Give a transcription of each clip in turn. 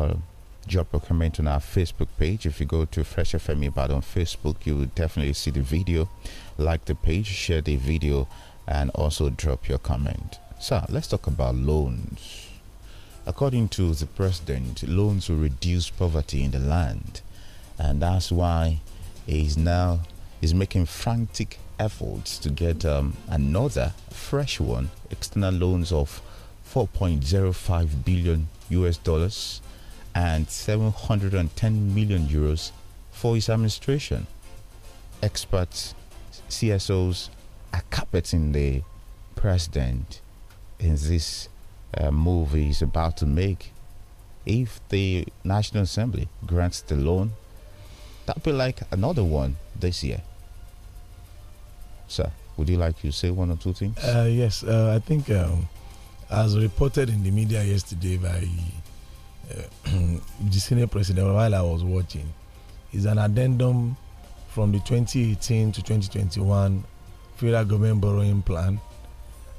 Uh, drop job comment on our Facebook page. If you go to Fresh FM Ibadan on Facebook, you will definitely see the video. Like the page, share the video, and also drop your comment. So let's talk about loans. According to the president, loans will reduce poverty in the land, and that's why he's now is making frantic efforts to get um, another fresh one, external loans of 4.05 billion US dollars and 710 million euros for his administration. Experts, CSOs are carpeting the president in this uh, move he's about to make. If the National Assembly grants the loan, that'll be like another one this year. Sir, would you like to say one or two things? Uh, yes, uh, I think, um, as reported in the media yesterday by uh, the senior president while I was watching is an addendum from the 2018 to 2021 federal government borrowing plan.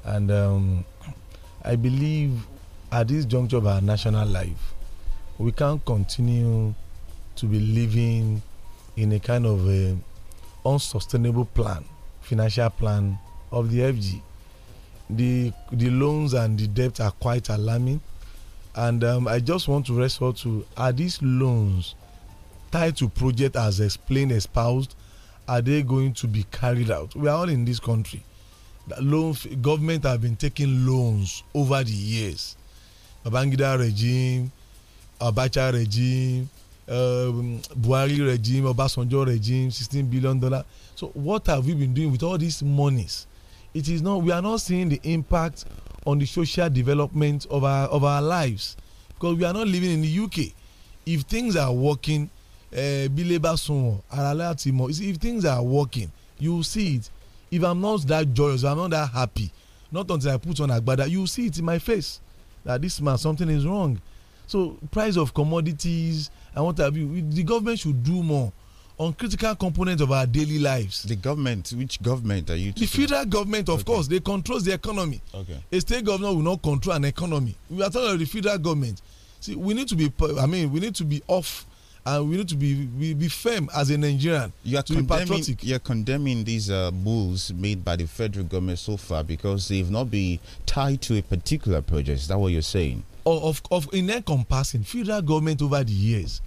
And um, I believe at this juncture of our national life, we can't continue to be living in a kind of a unsustainable plan, financial plan of the FG. The, the loans and the debt are quite alarming and um, i just want to resort to are these loans tied to project as explained espoused are they going to be carried out we are all in this country the loan government have been taking loans over the years babangida regime abacha regime um, buhari regime obasanjo regime sixteen billion dollar so what have we been doing with all these monies it is not we are not seeing the impact on the social development of our of our lives because we are not living in the UK if things are working eh, bí labour sunwọ̀n ara láti mọ̀ you see if things are working you see it if I'm not that joyous if I'm not that happy not until I put on agbada you see it in my face that this man something is wrong so price of commodities and what have you the government should do more on critical components of our daily lives. The government, which government are you? The federal government, of okay. course, they control the economy. Okay. A state government will not control an economy. We are talking about the federal government. See, we need to be. I mean, we need to be off, and we need to be be, be firm as a Nigerian. You are condemning. You are condemning these uh, moves made by the federal government so far because they've not been tied to a particular project. Is that what you're saying? Of of, of in encompassing federal government over the years,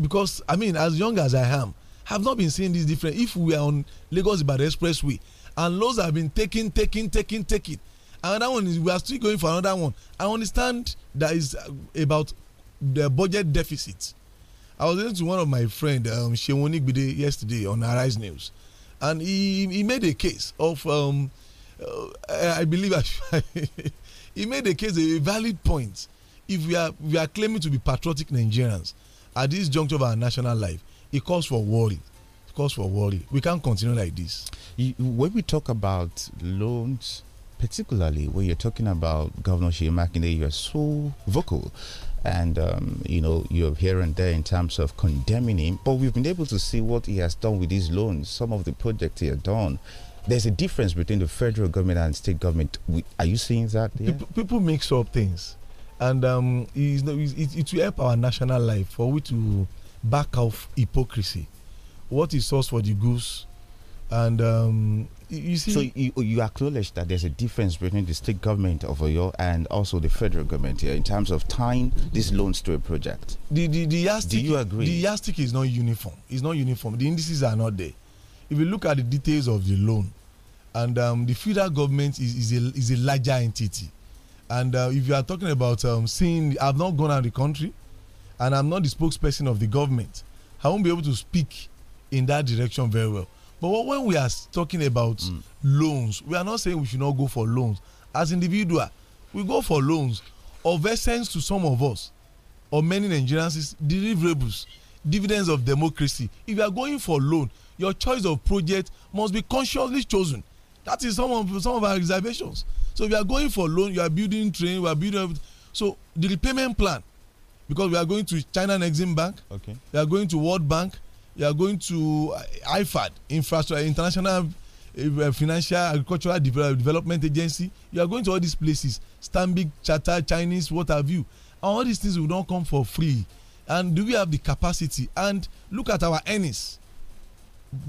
because I mean, as young as I am have not been seeing this difference if we are on lagos ibadan expressway and loads have been taking taking taking taking another one is we are still going for another one i understand that is uh, about the budget deficit i was listening to one of my friend um, yesterday on arise news and he he made a case of um, uh, i believe I, he made a case a valid point if we are we are claiming to be patriotic nigerians at this juncture of our national life it calls for worry it calls for worry we can't continue like this when we talk about loans particularly when you're talking about governor Makinde, you're so vocal and um, you know you're here and there in terms of condemning him but we've been able to see what he has done with his loans some of the projects he has done there's a difference between the federal government and state government. We, are you seeing that? Yeah? People, people, mix up things, and um, it, it's, it, will help our national life for we to back of hypocrisy. What is source for the goose? And um, you see, so you, you, acknowledge that there's a difference between the state government of Oyo and also the federal government here in terms of tying these loans to a project. The the, the yardstick, Do you agree? The yardstick is not uniform. It's not uniform. The indices are not there. If you look at the details of the loan, and um, the federal government is is a, is a larger entity, and uh, if you are talking about um, seeing, I've not gone out of the country and I'm not the spokesperson of the government, I won't be able to speak in that direction very well. But when we are talking about mm. loans, we are not saying we should not go for loans. As individual, we go for loans of essence to some of us, or many Nigerians is deliverables, dividends of democracy. If you are going for loan, your choice of project must be consciously chosen. That is some of some of our observations. So if you are going for loan, you are building train, we are building. So the repayment plan because we are going to China Exim Bank. Okay. We are going to World Bank. We are going to uh, IFAD, Infrastructure International uh, uh, Financial Agricultural Development Agency. You are going to all these places, Stanbic Charter, Chinese, what have you. all these things will not come for free. And do we have the capacity? And look at our earnings.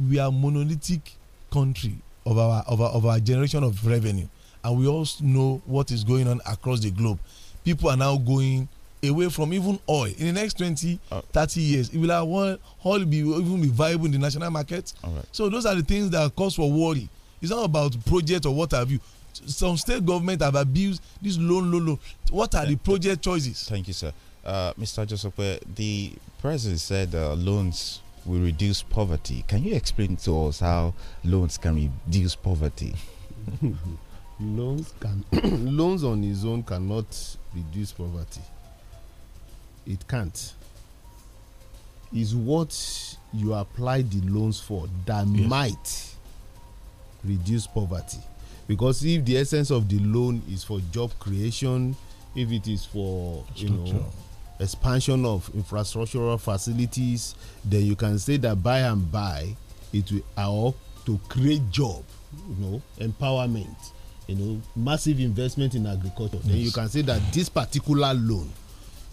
We are monolithic country of our of our, of our generation of revenue, and we all know what is going on across the globe. People are now going away from even oil in the next 20 uh, 30 years it will have oil, oil be even be viable in the national market so those are the things that cause for worry it's not about project or what have you some state government have abused this loan loan loan what are the project choices. thank you sir uh, mr joseph the president said uh, loans will reduce poverty can you explain to us how loans can reduce poverty. loans can loans on its own cannot reduce poverty It can't. Is what you apply the loans for that yes. might reduce poverty. Because if the essence of the loan is for job creation, if it is for you know expansion of infrastructural facilities, then you can say that by and by it will help to create job, you know, empowerment, you know, massive investment in agriculture. Yes. Then you can say that this particular loan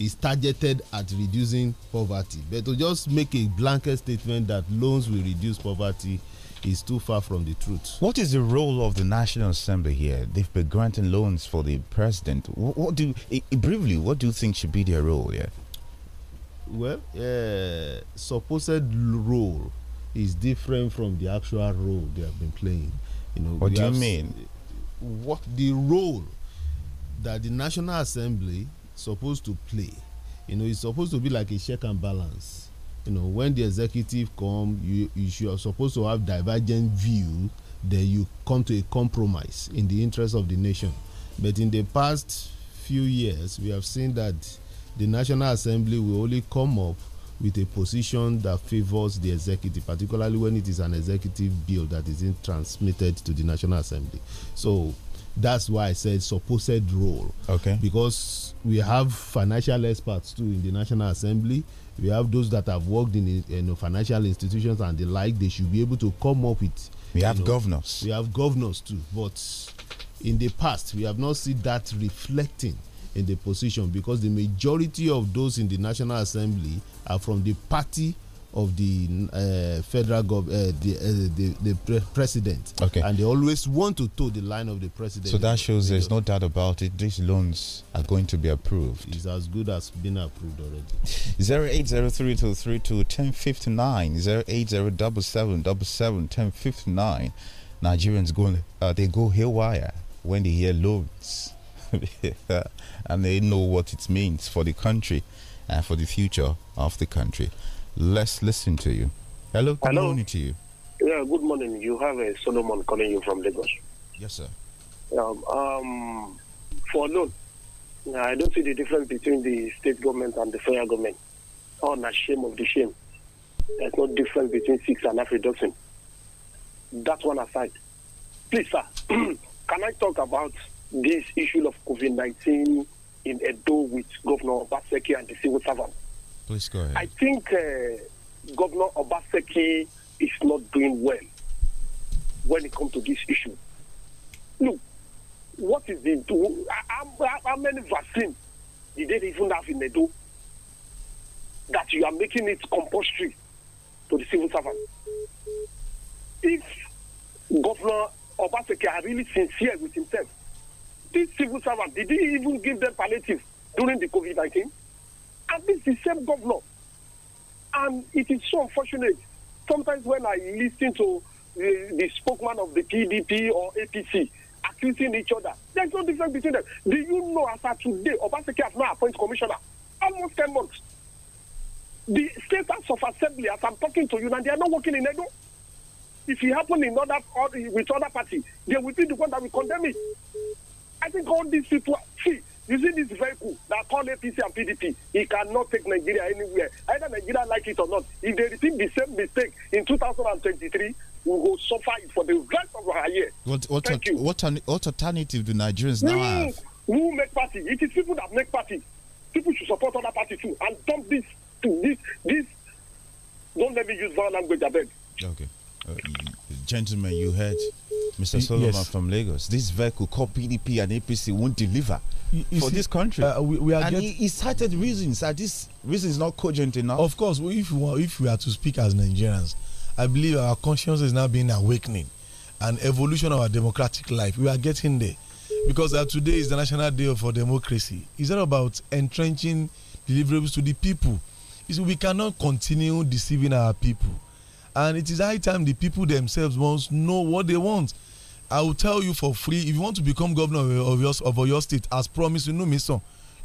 is targeted at reducing poverty. But to just make a blanket statement that loans will reduce poverty is too far from the truth. What is the role of the National Assembly here? They've been granting loans for the president. What, what do briefly? What do you think should be their role here? Well, uh, supposed role is different from the actual role they have been playing. You know, what do you mean? Eh, what the role that the National Assembly supposed to play. You know, it's supposed to be like a check and balance. You know, when the executive come, you you are supposed to have divergent view. Then you come to a compromise in the interest of the nation. But in the past few years, we have seen that the National Assembly will only come up with a position that favours the executive particularly when it is an executive bill that is being transmitted to the National Assembly so That's why I said supposed role. Okay. Because we have financial experts too in the National Assembly. We have those that have worked in financial institutions and the like. They should be able to come up with. We have know, governors. We have governors too, but in the past we have not seen that reflecting in the position because the majority of those in the National Assembly are from the party of the uh, federal government, uh, the, uh, the, the pre president. Okay. And they always want to toe the line of the president. So that shows there's no doubt about it. These loans are going to be approved. It's as good as been approved already. 08032321059, Nigerians go uh, they go haywire when they hear loans. and they know what it means for the country and for the future of the country. Let's listen to you. Hello, good Hello. morning to you. Yeah, good morning. You have a Solomon calling you from Lagos. Yes, sir. Um, um, for loan, I don't see the difference between the state government and the federal government. oh, not shame of the shame. There's no difference between six and half reduction. That one aside. Please, sir, can I talk about this issue of COVID 19 in Edo with Governor Baseki and the civil servants? Please go ahead. I think uh, Governor Obaseki is not doing well when it comes to this issue. Look, what is the do? How, many vaccines did they even have in the do that you are making it compulsory to the civil servant? If Governor Obaseki are really sincere with himself, these civil servants did he even give them palliative during the COVID 19? This is the same governor. And it is so unfortunate. Sometimes when I listen to the, uh, the spokesman of the PDP or APC accusing each other, there's no difference between them. Do you know as of today, Obaseki has not appointed commissioner? Almost 10 months. The status of assembly, as I'm talking to you now, they are not working in Edo. If it happened in other, with other party, they will be the one that will condemn it. I think all these people, see, Using this vehicle that call APC and PDP, he cannot take Nigeria anywhere. Either Nigeria like it or not. If they repeat the same mistake in 2023, we will suffer it for the rest of our year. What, what, Thank you. what, an, what alternative do Nigerians now mm. have? Who make party? It is people that make party. People should support other party too and dump this to this this. Don't let me use vile language, I beg. Okay. Uh, mm. Gentlemen, you heard Mr. Solomon yes. from Lagos. This vehicle called PDP and APC won't deliver you, you for see, this country. Uh, we, we, are and he, he, cited reasons. Are reason is not cogent enough? Of course, if we, are, if we are to speak as Nigerians, I believe our conscience is now being awakening and evolution of our democratic life. We are getting there because uh, today is the National Day for Democracy. It's that about entrenching deliverables to the people. It's, we cannot continue deceiving our people and it is high time the people themselves must know what they want i will tell you for free if you want to become governor of your of your state as promised you know me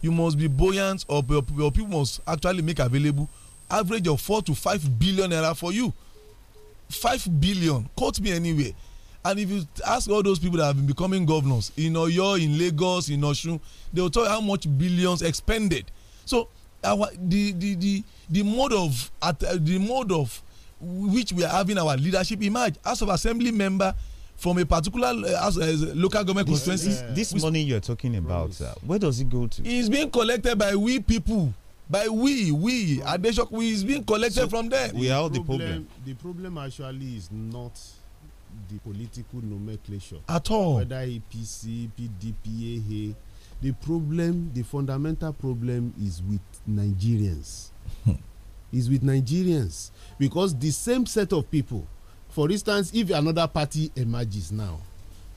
you must be buoyant or your, your people must actually make available average of four to five billion naira for you five billion quote me anyway. and if you ask all those people that have been becoming governors in oyo in lagos in Oshun, they will tell you how much billions expended so our the the the the mode of at the mode of which we are having our leadership image House of Assembly member from a particular uh, uh, local government constituency. Yeah. This we money are talking about, uh, where does it go to? It's being collected by we people, by we, we, Adeshok, we is being collected so from there. we are the problem. The problem actually is not the political nomenclature. At all. Whether APC, PDP, AHA, the problem, the fundamental problem is with Nigerians. is with Nigerians because the same set of people, for instance, if another party emerges now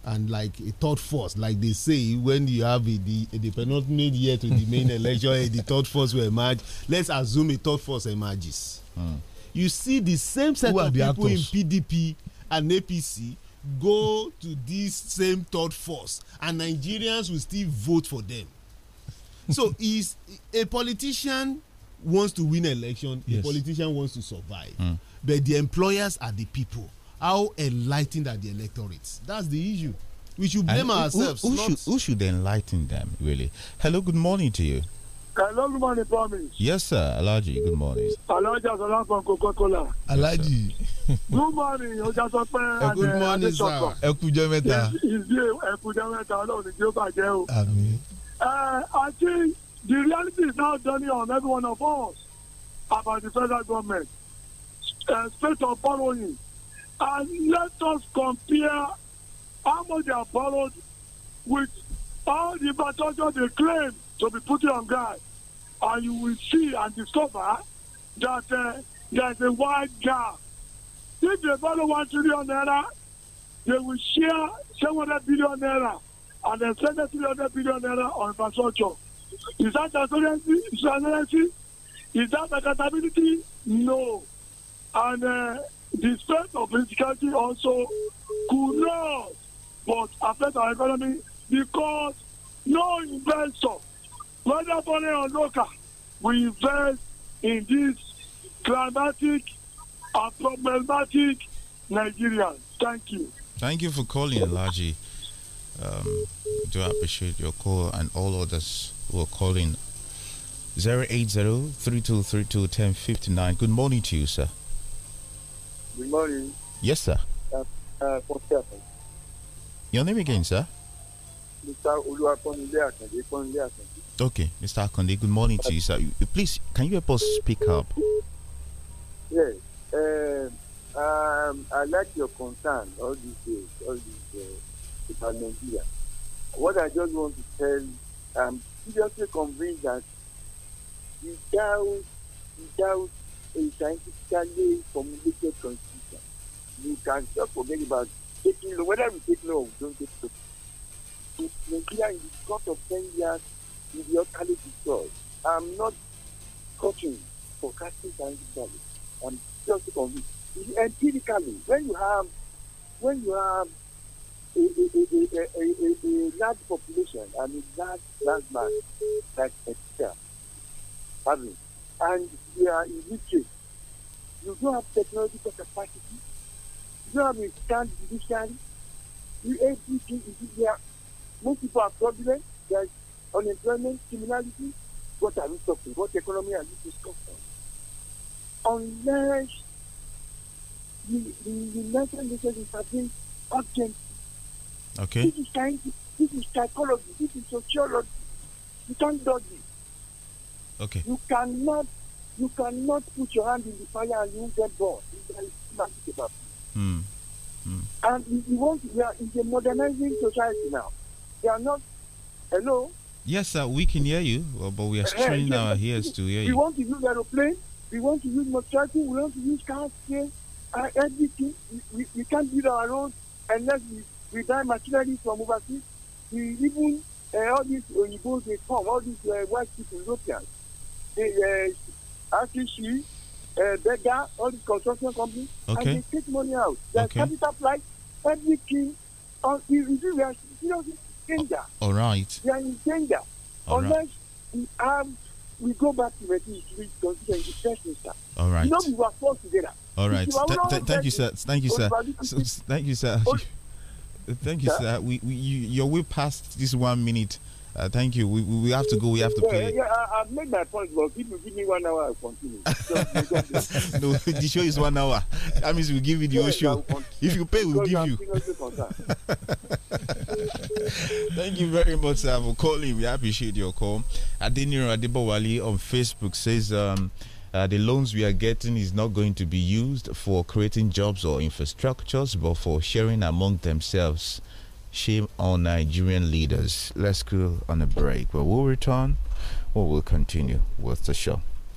and like a third force, like they say when you have a, the, a, the to the main election, the third force will emerge. Let's assume a third force emerges. Mm. You see the same set Who of people actors? in PDP and APC go to this same third force and Nigerians will still vote for them. so is a politician wants to win election yes. the politician wants to survive mm. but the employers are the people how enlightened are the electorates that's the issue we should blame who, ourselves who, who, should, who, should, enlighten them really hello good morning to you hello good morning promise yes sir alaji good morning alaji asalam from coca-cola alaji good morning ojasope eh, and good morning sir ẹkújọ mẹta ìdí ẹkújọ mẹta ọlọrun ni tí ó bàjẹ́ o àmín. ẹ eh, àti The reality is now dawning on every one of us about the federal government, uh, state of borrowing. And let us compare how much they are borrowed with all the infrastructure they claim to be putting on guard. And you will see and discover that uh, there is a wide gap. If they borrow one trillion naira, they will share 700 billion naira and then send 300 billion naira on infrastructure. Is that transparency? transparency? Is that accountability? No. And uh, the strength of insecurity also could not but affect our economy because no investor, whether foreign or local, will invest in this climatic and problematic Nigeria. Thank you. Thank you for calling, Laji. Um, do appreciate your call and all others will call in 080-3232-1059. Good morning to you, sir. Good morning. Yes, sir. Uh, uh, Your name again, sir? Mr. Okay, Mr. Akande, good morning to you, sir. Please, can you help us speak up? Yes. Um. um, I like your concern all these days, all these uh, about Nigeria. What I just want to tell, I'm um, seriously convinced that without without a scientifically formulated constitution, you can just forget about taking law. Whether we take law or we don't take law, so Nigeria in the course of ten years will be utterly destroyed. I'm not coaching for casting scientifically. I'm just convinced. Empirically, when you have when you have a, a, a, large population and a large large man like Ethiopia having, and they are illiterate. You don't have technological capacity. You don't have a stand judiciary. You everything is there. Most people are fraudulent. There's unemployment, criminality. What are we talking? What economy are we discussing? Unless the, the United Nations intervenes urgently Okay. This is science. This is psychology. This is sociology. You can't dodge it. Okay. You cannot. You cannot put your hand in the fire and you get burned. Hmm. Hmm. And you want we are in the modernizing society now. They are not. Hello. Yes, sir. We can hear you, uh, but we are eh, eh, straining yes, our ears to hear we you. We want to use aeroplane. We want to use motorcycle. We want to use cars. Uh, everything. We, we, we can't build our alone unless we we buy machinery from overseas we even uh, all these oyinbos dey come all these uh, white people europeans they uh, rcc uh, Bega, all these construction companies okay. and they take money out their okay. capital price everything on you is They are in danger. all right they are in danger all unless right. we have we go back to reduce which constituency first minister. all right you know we were forced together. all right th th thank you sir thank you sir thank you sir. Thank you, yeah. sir. We, we you, you're way past this one minute. Uh, thank you. We, we have to go. We have to yeah, play. Yeah, I, have made my point, but if you give me one hour, I'll continue. no, the show is one hour. That means we give you the whole yeah, show. If you pay, we'll give you. thank you very much, sir, for calling. We appreciate your call. Adiniro Adibawali on Facebook says, um, uh, the loans we are getting is not going to be used for creating jobs or infrastructures, but for sharing among themselves. Shame on Nigerian leaders. Let's go on a break. But we'll return or we'll continue with the show.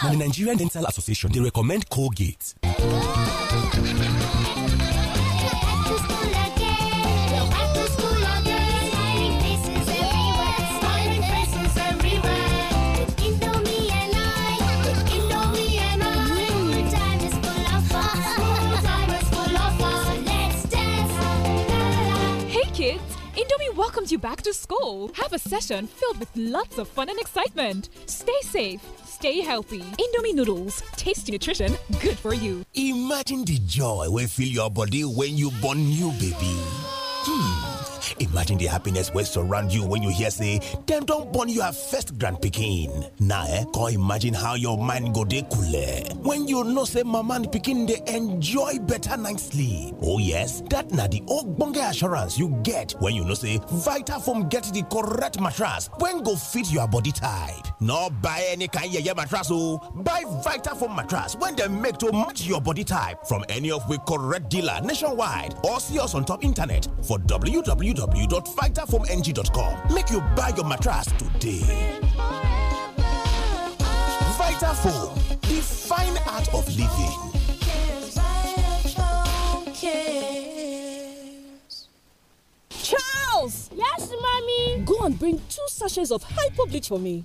Now, the Nigerian Dental Association, they recommend Colgate. Ah. welcomes you back to school. Have a session filled with lots of fun and excitement. Stay safe, stay healthy. Indomie noodles, tasty nutrition, good for you. Imagine the joy will fill your body when you born new baby. Imagine the happiness wey surround you when you hear say dem don born your first grand picking. Now, eh, come imagine how your mind go dey coole when you know say mama and picking, they enjoy better night sleep. Oh yes, that na the ogbonge assurance you get when you know say Vitafoam get the correct mattress when go fit your body type. No buy any kind yeye mattress oh, buy Vitafoam mattress when they make to match your body type from any of we correct dealer nationwide or see us on top internet for www www.vitafoamng.com. Make you buy your mattress today. Vitafoam, the fine art of living. Charles! Yes, mommy? Go and bring two sachets of hyper bleach for me.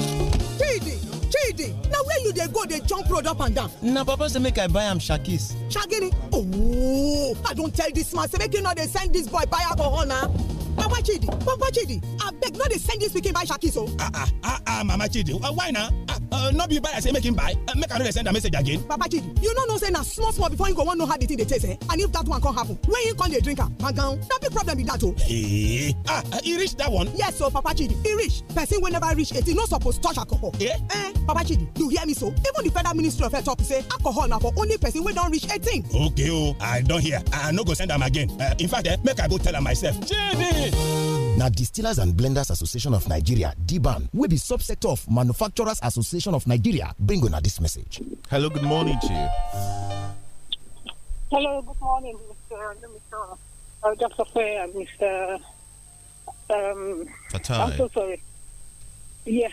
lady. where you dey go dey jump road up and down. na papa say make i buy am shakis. shagini ooo oh, i don tell dis man say make he no dey send dis boy buy alcohol na. Papa Chidi, Papa Chidi, abeg no dey send dis pikin buy shakis o. Oh. Ah ah ah ah Mama Chidi, uh, why na? Uh, uh, no be buy I say make him buy, uh, make I no dey send am message again. Papa Chidi, you no know say na small small before you go wan know how the thing dey taste eh? And if that one come happen, when you come dey drink am, gangan, na big problem be that o. Oh. Eh, ah, uh, e reach that one? Yes o, Papa Chidi, e reach. Person wey never reach eighteen no suppose touch alcohol. Yeah, Eh, Papa Chidi, you hear me so even the federal ministry of health talk say alcohol now for only person we don't reach 18 okay oh, I don't hear i no go send them again uh, in fact eh, make i go tell them myself Now na distillers and blenders association of nigeria dban will be subsector of manufacturers association of nigeria bring una this message hello good morning to you hello good morning mr Dr. Fair and Mr. Um, I'm so sorry. Yes.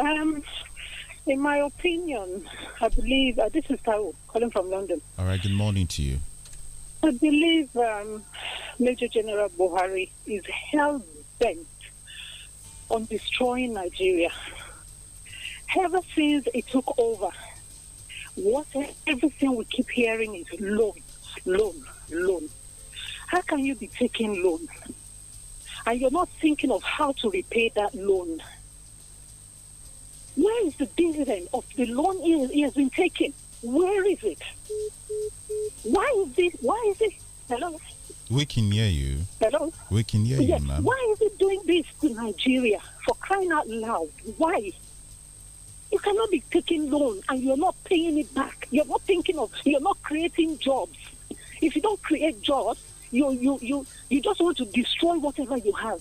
Um, in my opinion, I believe uh, this is Tao calling from London. All right, good morning to you. I believe um, Major General Buhari is hell bent on destroying Nigeria. Ever since he took over, what everything we keep hearing is loan, loan, loan. How can you be taking loan? And you're not thinking of how to repay that loan. Where is the dividend of the loan he has been taking? Where is it? Why is this? Why is it? Hello? We can hear you. Hello? We can hear yes. you, ma'am. Why is it doing this to Nigeria? For crying out loud. Why? You cannot be taking loan and you're not paying it back. You're not thinking of, you're not creating jobs. If you don't create jobs, you, you, you, you just want to destroy whatever you have.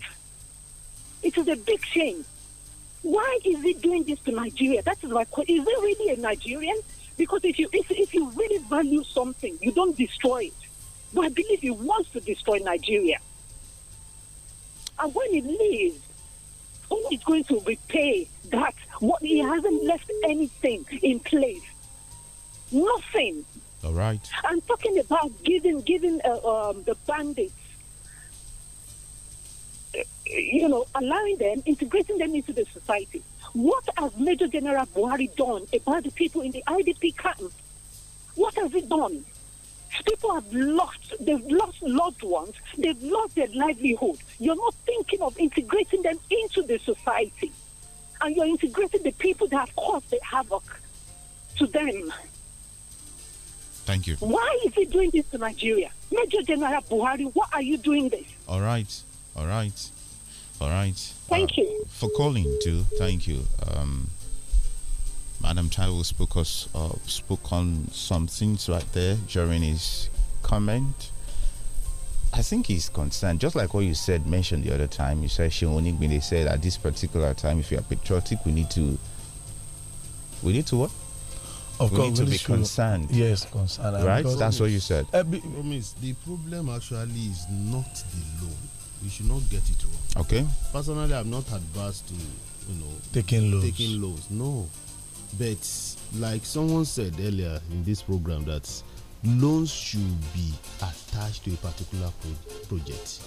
It is a big shame. Why is he doing this to Nigeria? That is my question. Is he really a Nigerian? Because if you if, if you really value something, you don't destroy it. But I believe he wants to destroy Nigeria. And when he leaves, who is going to repay that? What he hasn't left anything in place. Nothing. All right. I'm talking about giving giving uh, um, the bandits you know, allowing them, integrating them into the society. What has Major General Buhari done about the people in the IDP camp? What has he done? People have lost, they've lost loved ones, they've lost their livelihood. You're not thinking of integrating them into the society. And you're integrating the people that have caused the havoc to them. Thank you. Why is he doing this to Nigeria? Major General Buhari, why are you doing this? All right. All right. All right. Thank uh, you. For calling, too. Thank you. Um, Madam Taiwo spoke, us, uh, spoke on some things right there during his comment. I think he's concerned, just like what you said, mentioned the other time. You said, Shioni, when they said at this particular time, if you are patriotic, we need to. We need to what? Of we course, need to be concerned. Yes, concerned. Right? That's what you said. Eh, the problem actually is not the loan you should not get it wrong. Okay. Personally, I'm not adverse to you know taking loans. Taking loans, no. But like someone said earlier in this program, that loans should be attached to a particular pro project.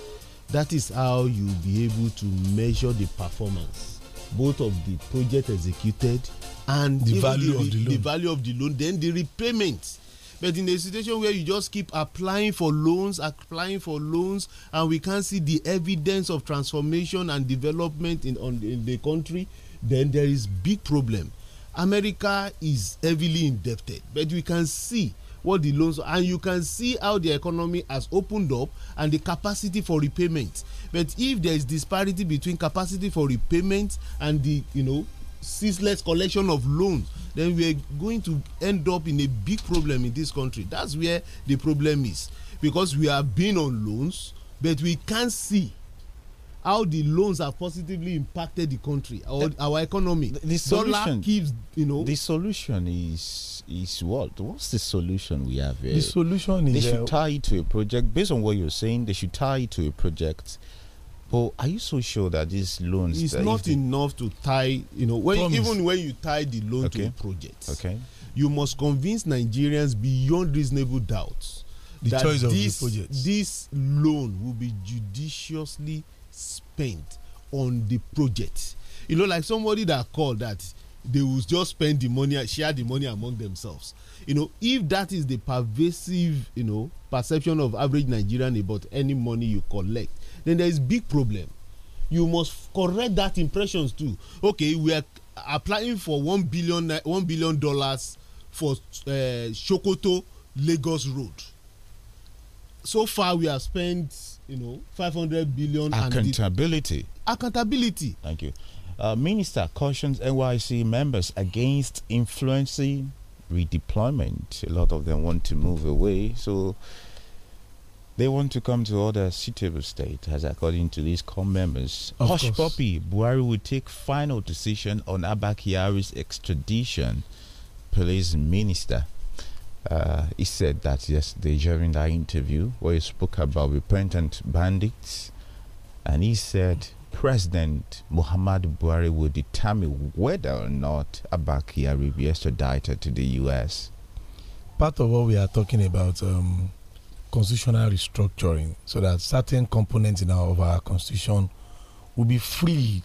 That is how you'll be able to measure the performance, both of the project executed and the value the, of the, the, loan. The value of the loan, then the repayment but in a situation where you just keep applying for loans, applying for loans, and we can't see the evidence of transformation and development in, on, in the country, then there is big problem. America is heavily indebted, but we can see what the loans and you can see how the economy has opened up and the capacity for repayment but if there is disparity between capacity for repayment and the you know ceaseless collection of loans then we are going to end up in a big problem in this country that's where the problem is because we have been on loans but we can't see how the loans have positively impacted the country or the, our economy. The, solution keeps you know. The solution is is what? What's the solution we have here? The solution is they should uh, tie it to a project. Based on what you're saying, they should tie it to a project But are you so sure that these loans? It's not enough to tie, you know, when, even when you tie the loan okay. to the project. Okay. You must convince Nigerians beyond reasonable doubt the that choice of this, the this loan will be judiciously spent on the project. You know, like somebody that called that they will just spend the money, share the money among themselves. You know, if that is the pervasive, you know, perception of average Nigerian about any money you collect, then there is big problem you must correct that impressions too okay we are applying for one billion one billion dollars for uh, sokoto lagos road so far we have spent you know five hundred billion. accountability accountability. thank you uh, minister cautions nyc members against influencing redeployment a lot of them want to move away so. They want to come to other suitable state, as according to these members. Of Hush course. Poppy, Buhari will take final decision on Abakiari's extradition, police minister. Uh, he said that yesterday during that interview where he spoke about repentant bandits and he said President Muhammad Buhari will determine whether or not Abakari will be extradited to the US. Part of what we are talking about um, constitutional restructuring so that certain components in our, of our constitution will be free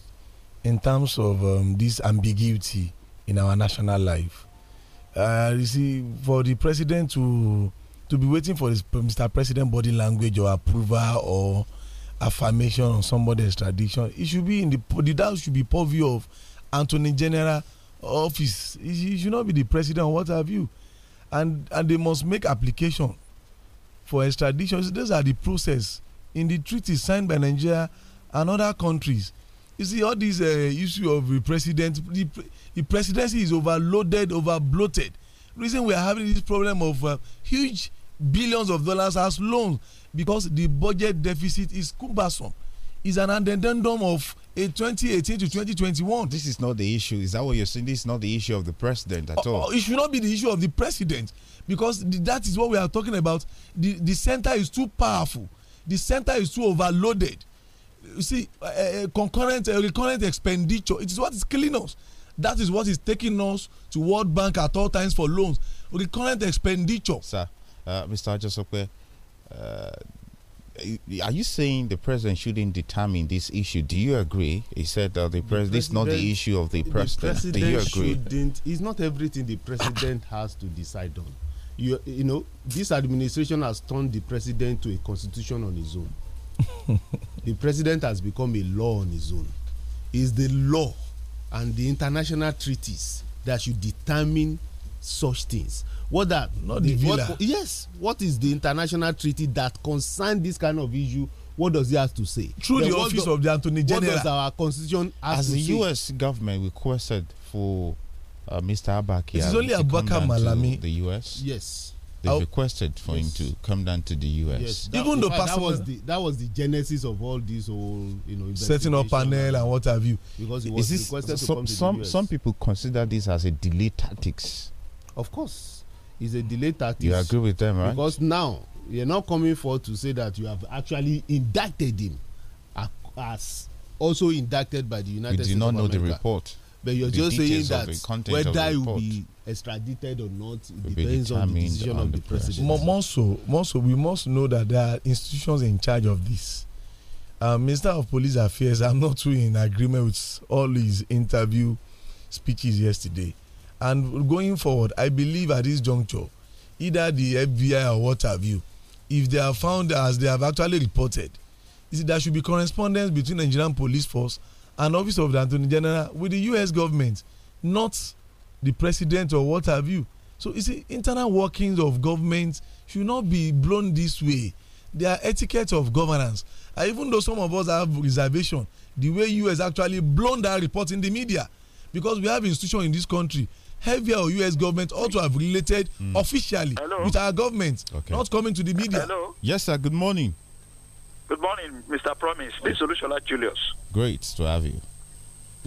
in terms of um, this ambiguity in our national life. Uh, you see, for the president to to be waiting for his, Mr. President body language or approval or affirmation on somebody's tradition, it should be in the the doubt should be purview of Anthony General office. It, should not be the president. What have you? And and they must make application for extradition. These are the process in the treaties signed by Nigeria and other countries. You see, all this uh, issue of the president, the, the, presidency is overloaded, over bloated. Reason we are having this problem of uh, huge billions of dollars as loans because the budget deficit is cumbersome is an addendum of 2018 to 2021. This is not the issue. Is that what you're saying? This is not the issue of the president at uh, all. Uh, it should not be the issue of the president because that is what we are talking about. The, the center is too powerful, the center is too overloaded. You see, uh, concurrent, recurrent expenditure, it is what is killing us. That is what is taking us to World Bank at all times for loans. Recurrent expenditure. Sir, uh, Mr. Ajasope, uh, are you saying the president shouldn't determine this issue? Do you agree? He said that the, the president, this is not the issue of the president. The president Do you agree? Shouldn't, it's not everything the president has to decide on. You, you know, this administration has turned the president to a constitution on his own. the president has become a law on his own. It's the law and the international treaties that should determine such things what that not the, the what, yes what is the international treaty that concerns this kind of issue what does he have to say through the office do, of the attorney general what does our constitution as the us government requested for uh, mr abaki it's only abaka malami the us yes they requested for yes. him to come down to the U.S. Yes, that, Even though that was the that was the genesis of all this whole you know setting up panel and what have you. Because he was requested this, to some, to some, the US. Some people consider this as a delay tactics. Of course is a delay tactic. You agree with them, right? Because now you're not coming forward to say that you have actually indicted him as also indicted by the United States. We do not know the report. But you're the just saying that whether he will be extradited or not it depends on the decision on of the, the president. More, more, so, more so, we must know that there are institutions in charge of this. Uh, Minister of Police Affairs, I'm not too in agreement with all his interview speeches yesterday and going forward i believe at this juncture either the fbi or what have you if they are found as they have actually reported there should be correspondence between nigerian police force and office of the attorney general with the us government not the president or what have you so you see internal workings of government should not be blown this way there are etiquette of governance and even though some of us have reservation the way us actually blown that report in the media because we have institution in this country heavier US government ought to have related mm. officially Hello? with our government, okay. not coming to the media. Hello? Yes, sir. Good morning. Good morning, Mr. Promise. This is like Julius. Great to have you.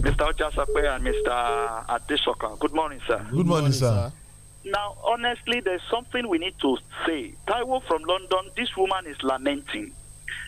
Mr. Ojasape and Mr. Adesokan. Good morning, sir. Good, Good morning, sir. Now, honestly, there's something we need to say. Taiwo from London, this woman is lamenting.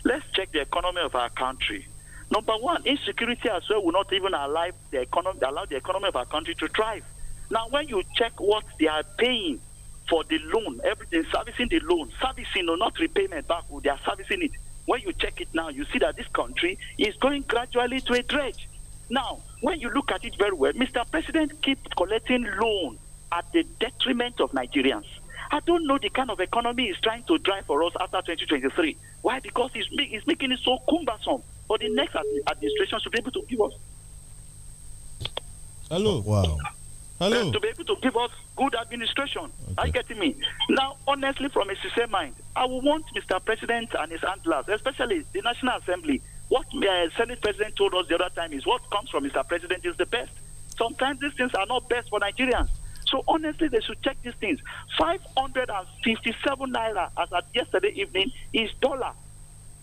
Let's check the economy of our country. Number one, insecurity as well will not even allow the economy, allow the economy of our country to thrive. Now, when you check what they are paying for the loan, everything, servicing the loan, servicing or not repayment back, oh, they are servicing it. When you check it now, you see that this country is going gradually to a dredge. Now, when you look at it very well, Mr. President keeps collecting loan at the detriment of Nigerians. I don't know the kind of economy he's trying to drive for us after 2023. Why? Because he's, he's making it so cumbersome for the next administration to be able to give us. Hello. wow. Hello. Uh, to be able to give us good administration. Okay. Are you getting me? Now, honestly, from a sincere mind, I would want Mr. President and his handlers, especially the National Assembly. What uh, Senate President told us the other time is what comes from Mr. President is the best. Sometimes these things are not best for Nigerians. So honestly, they should check these things. 557 naira as at yesterday evening is dollar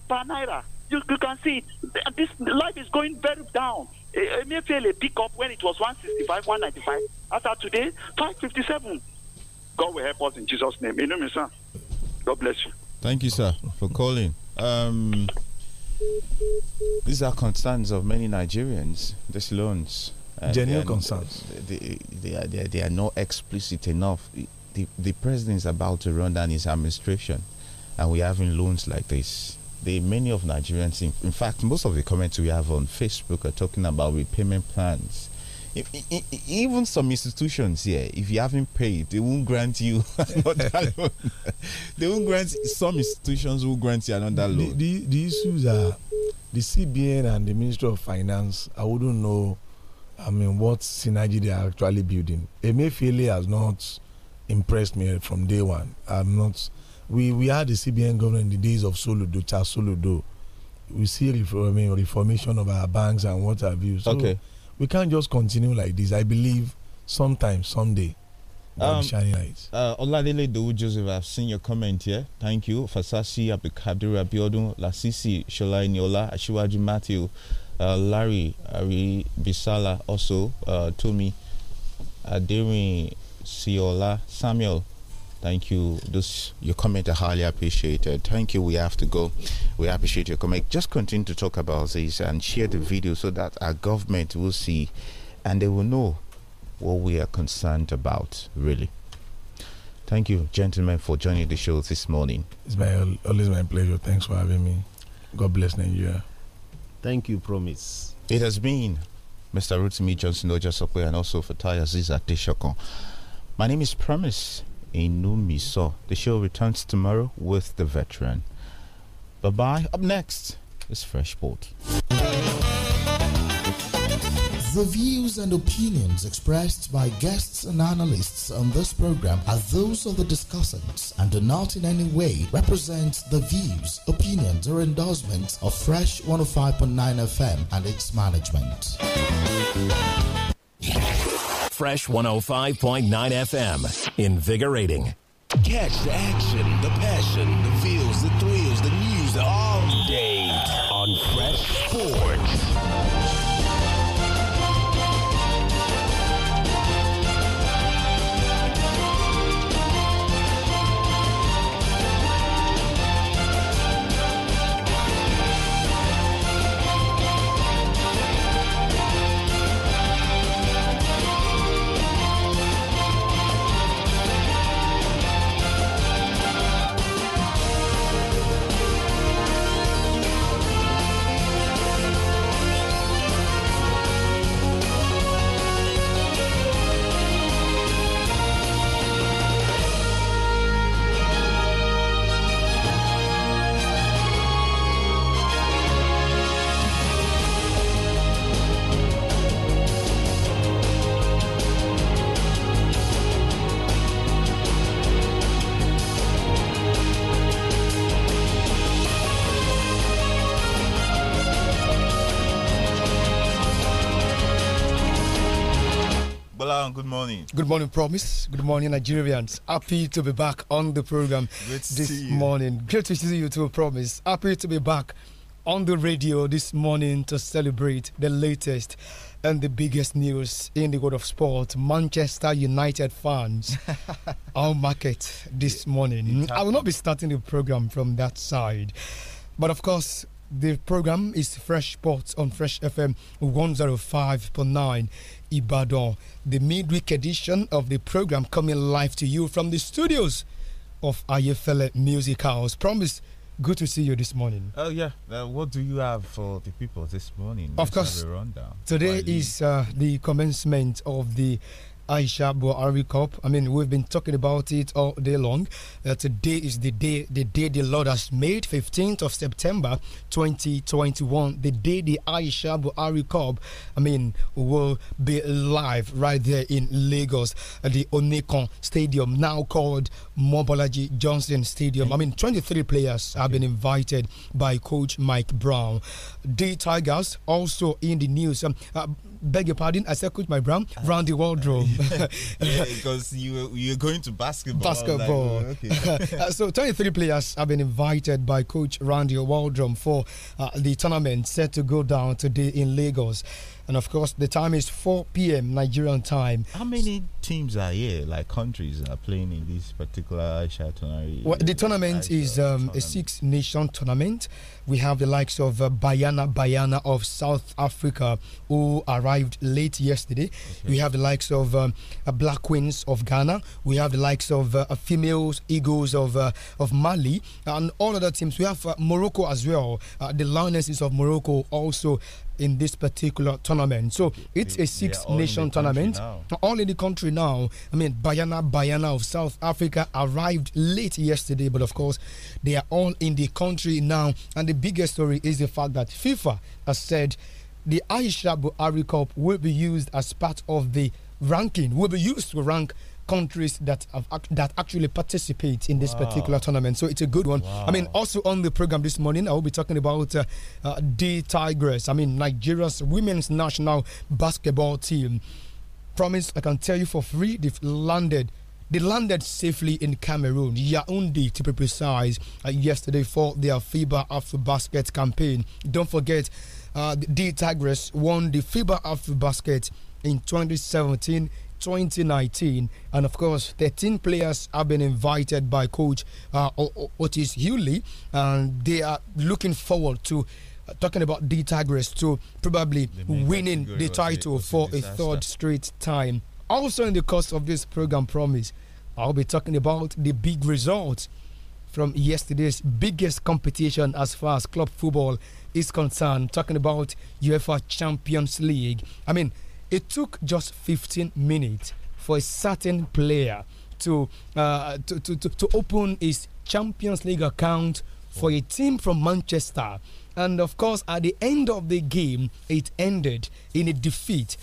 per naira. You, you can see it. This life is going very down. Emefiele eh, pick up when it was 165, 195. After today, 557. God will help us in Jesus' name. Amen, sir. God bless you. Thank you, sir, for calling. Um, these are concerns of many Nigerians, these loans. Genuine concerns. They, they, are, they, are, they are not explicit enough. The, the president is about to run down his administration, and we're having loans like this the many of Nigerians, in, in, fact, most of the comments we have on Facebook are talking about repayment plans. If, if, even some institutions here, if you haven't paid, they won't grant you another loan. they won't grant. Some institutions will grant you another loan. The, the, issues are the CBN and the Ministry of Finance. I wouldn't know. I mean, what synergy they are actually building. Emefiele has not impressed me from day one. I'm not we we had the CBN governor in the days of Soludo, Charles Soludo. We see reform, I mean, reformation of our banks and what have you. So okay. we can't just continue like this. I believe sometime, someday. Um, shining lights. Uh, Oladele Dowu Joseph, I've seen your comment here. Thank you. Fasasi Abikabiru Abiodun, Lasisi Shola Iniola, Ashiwaju Matthew, uh, Larry Ari Bisala, also uh, Tomi Aderin Siola, Samuel Thank you. This your comment are highly appreciated. Thank you. We have to go. We appreciate your comment. Just continue to talk about this and share the video so that our government will see and they will know what we are concerned about really. Thank you, gentlemen, for joining the show this morning. It's my always my pleasure. Thanks for having me. God bless Nigeria. Thank you, Promise. It has been Mr. Rotimi Johnson Ojasokwe and also Fataya Ziza Deshokon. My name is Promise. Inumiso. The show returns tomorrow with the veteran. Bye bye. Up next is Freshport. The views and opinions expressed by guests and analysts on this program are those of the discussants and do not in any way represent the views, opinions, or endorsements of Fresh 105.9 FM and its management. Fresh 105.9 FM. Invigorating. Catch the action, the passion, the feels, the thrills, the news all day on Fresh Sports. Good morning, Promise. Good morning, Nigerians. Happy to be back on the program Great this morning. Great to see you too, Promise. Happy to be back on the radio this morning to celebrate the latest and the biggest news in the world of sport. Manchester United fans on market this morning. I will not be starting the program from that side. But of course, the program is Fresh Sports on Fresh FM 105.9 Ibadan. The midweek edition of the program coming live to you from the studios of Ayefele Music House. Promise, good to see you this morning. Oh, yeah. Uh, what do you have for the people this morning? Of Let's course. Today is uh, the commencement of the Aisha Buhari Cup. I mean, we've been talking about it all day long. Uh, today is the day, the day the Lord has made, 15th of September 2021, the day the Aisha Buhari Cup, I mean, will be live right there in Lagos at the Onikon Stadium, now called Mobolaji Johnson Stadium. I mean, 23 players have been invited by Coach Mike Brown. The Tigers also in the news. Um, uh, beg your pardon, I said Coach my Brown, round the wardrobe. yeah, because you you're going to basketball. Basketball. Like, okay. uh, so 23 players have been invited by Coach Randy Waldrum for uh, the tournament set to go down today in Lagos. And of course, the time is 4 p.m. Nigerian time. How many teams are here, like countries, are playing in this particular tournament? Well, the tournament is um, tournament. a six nation tournament. We have the likes of uh, Bayana Bayana of South Africa, who arrived late yesterday. Okay. We have the likes of um, Black Queens of Ghana. We have the likes of uh, Females Eagles of, uh, of Mali, and all other teams. We have uh, Morocco as well. Uh, the Lionesses of Morocco also in this particular tournament. So it's a six nation tournament, all in the country now. I mean, Bayana Bayana of South Africa arrived late yesterday, but of course, they are all in the country now. And the biggest story is the fact that FIFA has said the Aisha Buhari Cup will be used as part of the ranking, will be used to rank countries that have that actually participate in this wow. particular tournament. So it's a good one. Wow. I mean, also on the program this morning, I will be talking about uh, uh, the Tigress. I mean, Nigeria's women's national basketball team. Promise, I can tell you for free, they've landed. They landed safely in Cameroon, Yaoundé to be precise, uh, yesterday for their FIBA after Basket campaign. Don't forget, uh, the Tigress won the FIBA after Basket in 2017 2019. And of course, 13 players have been invited by coach uh, Otis Hewley, and they are looking forward to uh, talking about the Tigers to probably winning the title the, for disaster. a third straight time. Also, in the course of this program, promise I'll be talking about the big results from yesterday's biggest competition as far as club football is concerned. Talking about UEFA Champions League. I mean, it took just 15 minutes for a certain player to, uh, to, to, to, to open his Champions League account for a team from Manchester. And of course, at the end of the game, it ended in a defeat.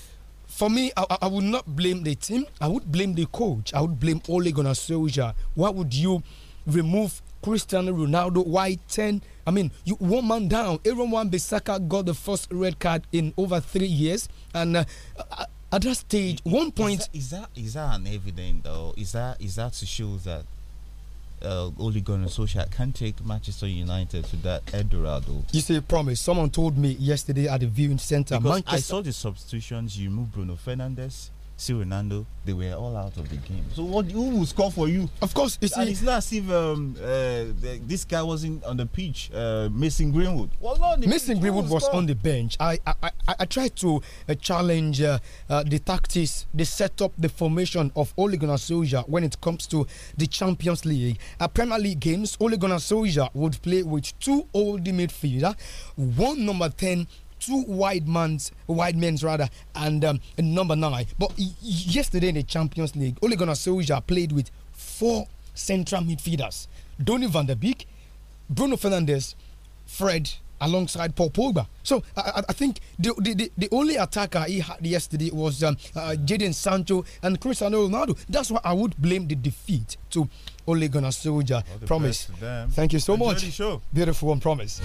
For me, I, I would not blame the team. I would blame the coach. I would blame Ole Gunnar Solskjaer. Why would you remove Cristiano Ronaldo? Why 10 I mean, you one man down. Aaron Wan Bissaka got the first red card in over three years, and uh, at that stage, one point is that is that, is that an evidence though? Is that is that to show that uh, Ole Gunnar Solskjaer can take Manchester United to that Eldorado. You see, promise. Someone told me yesterday at the viewing centre. Because Manchester I saw the substitutions. You moved Bruno Fernandes see Ronaldo, they were all out of the game. So what who will score for you? Of course, it's, and it's not as if um, uh, this guy wasn't on the pitch. Uh, Greenwood. Well, Greenwood was score? on the bench. I I, I, I tried to uh, challenge uh, uh, the tactics, the setup, the formation of Ole Gunnar Solskjaer when it comes to the Champions League, uh, Premier League games. Ole Gunnar Solskjaer would play with two old midfielder, one number ten two wide men's, wide men's rather, and um, number nine. But yesterday in the Champions League, Ole Gunnar Solskjaer played with four central midfielders: Donny van der Beek, Bruno Fernandes, Fred, alongside Paul Pogba. So I, I think the, the, the only attacker he had yesterday was um, uh, Jadon Sancho and Cristiano Ronaldo. That's why I would blame the defeat to Ole Gunnar Solskjaer. Promise. Thank you so Enjoy much. Beautiful one, promise.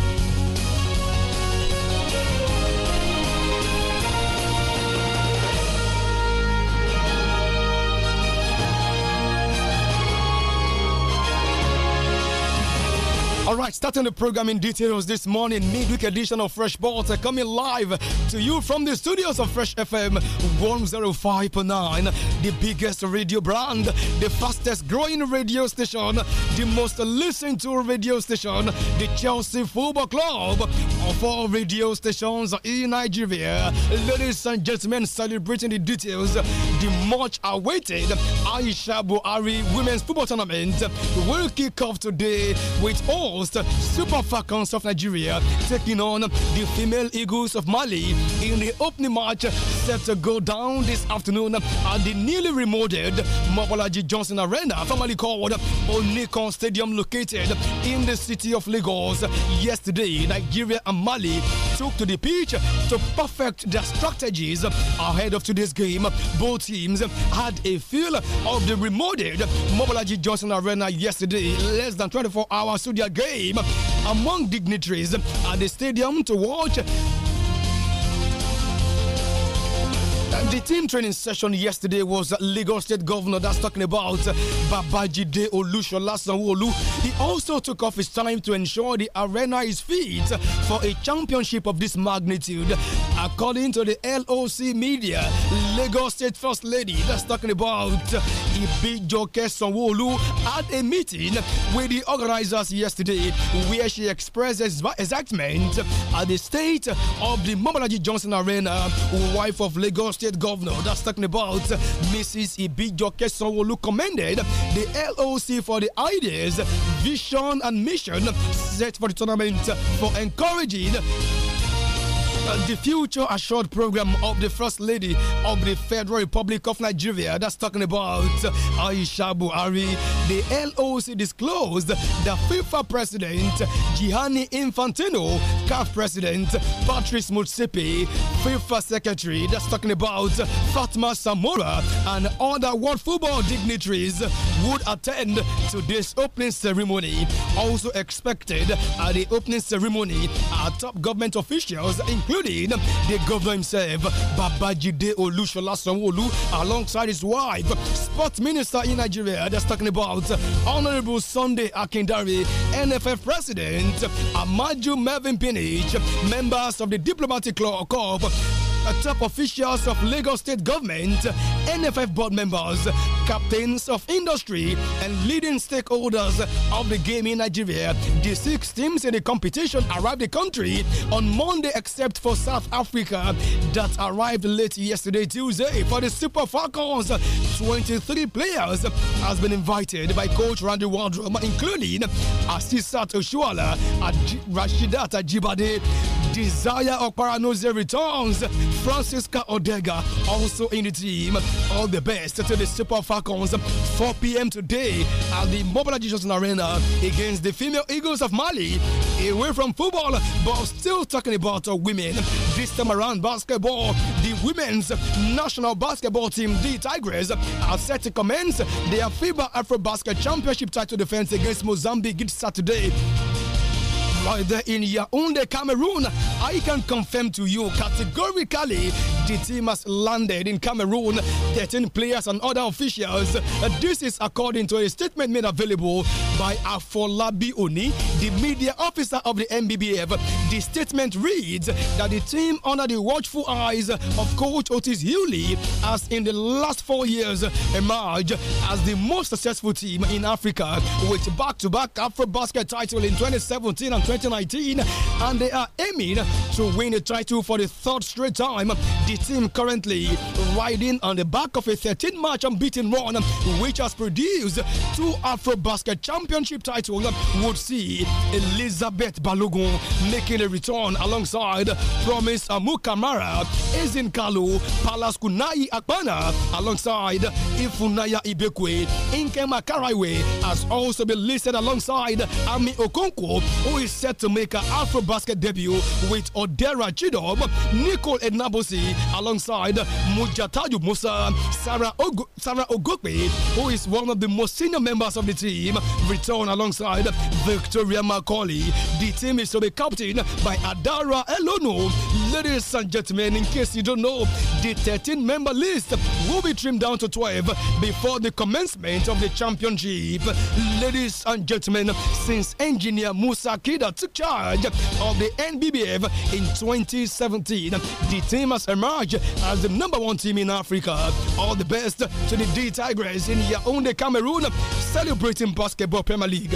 All right, starting the program in details this morning, midweek edition of Fresh Balls uh, coming live to you from the studios of Fresh FM 105.9, the biggest radio brand, the fastest growing radio station, the most listened to radio station, the Chelsea Football Club of all radio stations in Nigeria. Ladies and gentlemen, celebrating the details, the much awaited Aisha Buhari Women's Football Tournament will kick off today with all host, Super Falcons of Nigeria, taking on the female Eagles of Mali in the opening match set to go down this afternoon at the newly remodeled Mobolaji Johnson Arena, formerly called Onikon Stadium, located in the city of Lagos. Yesterday, Nigeria and Mali took to the pitch to perfect their strategies ahead of today's game. Both teams had a feel of the remodeled Mobolaji Johnson Arena yesterday, less than 24 hours to their game fame among dignitaries at the stadium to watch the team training session yesterday was Lagos State Governor that's talking about Babajide Olushola Sanwoolu. He also took off his time to ensure the arena is fit for a championship of this magnitude. According to the LOC media, Lagos State First Lady, that's talking about Ibijoke Sonwolu, olu at a meeting with the organizers yesterday where she expressed excitement at the state of the Mamalaji Johnson Arena, wife of Lagos State Governor, that's talking about Mrs. Ibijoke Sonwolu commended the LOC for the ideas, vision and mission set for the tournament for encouraging uh, the Future Assured program of the First Lady of the Federal Republic of Nigeria, that's talking about Aisha Buhari. The LOC disclosed the FIFA president Gianni Infantino, CAF president Patrice Mutsipi, FIFA secretary, that's talking about Fatma Samora, and other world football dignitaries would attend to this opening ceremony. Also expected at the opening ceremony are top government officials, including including the governor himself, Babajide Olushola sanwo alongside his wife, sports minister in Nigeria. That's talking about Honorable Sunday Akindari, NFF president, Amaju Melvin Pinich, members of the diplomatic club top officials of Lagos State Government, NFF board members, captains of industry, and leading stakeholders of the game in Nigeria. The six teams in the competition arrived the country on Monday, except for South Africa, that arrived late yesterday, Tuesday, for the Super Falcons. 23 players has been invited by coach Randy Waldrum, including Asisat Oshuala, Rashidat Ajibade, Desire Okparanoze returns Francisca Odega also in the team. All the best to the Super Falcons. 4 p.m. today at the Mobile Jesus Arena against the female Eagles of Mali. Away from football, but still talking about women. This time around, basketball. The women's national basketball team, the Tigers, are set to commence their FIBA Afro Basket Championship title defense against Mozambique Saturday. Lloyd in Yaounde, Cameroon. I can confirm to you categorically the team has landed in Cameroon, 13 players and other officials. This is according to a statement made available by Afolabi Oni, the media officer of the MBBF. The statement reads that the team, under the watchful eyes of coach Otis Hewley, has in the last four years emerged as the most successful team in Africa with back to back AfroBasket title in 2017 and 2018. 2019, and they are aiming to win the title for the third straight time. The team currently riding on the back of a 13 match unbeaten run, which has produced two AfroBasket Championship titles, would see Elizabeth Balogun making a return alongside Promise Amukamara, Ezin Kalu, Palas Kunai Akbana, alongside Ifunaya Ibekwe. Inkema has also been listed alongside Ami Okonkwo, who is set to make her Afro Basket debut with Odera Chidom, Nicole Ednabosi, alongside Mujataju Musa, Sarah, Og Sarah Ogokwe, who is one of the most senior members of the team, return alongside Victoria Macaulay. The team is to be captained by Adara Elono. Ladies and gentlemen, in case you don't know, the 13 member list will be trimmed down to 12 before the commencement of the championship. Ladies and gentlemen, since engineer Musa Kida took charge of the NBBF in 2017. The team has emerged as the number one team in Africa. All the best to the D Tigers in Yaounde, Cameroon, celebrating Basketball Premier League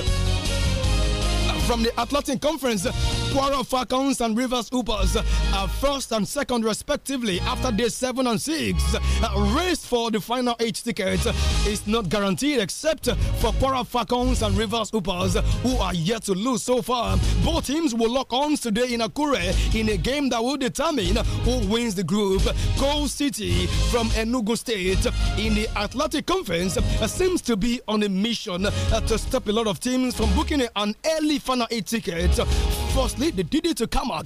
from the Atlantic Conference. Quora Falcons and Rivers Hoopers are uh, first and second respectively after day 7 and 6. Uh, race for the final 8 tickets is not guaranteed except for Quora Falcons and Rivers Hoopers who are yet to lose so far. Both teams will lock on today in Akure in a game that will determine who wins the group. Gold City from Enugu State in the Atlantic Conference uh, seems to be on a mission to stop a lot of teams from booking an early final Firstly, they did it to Kamak.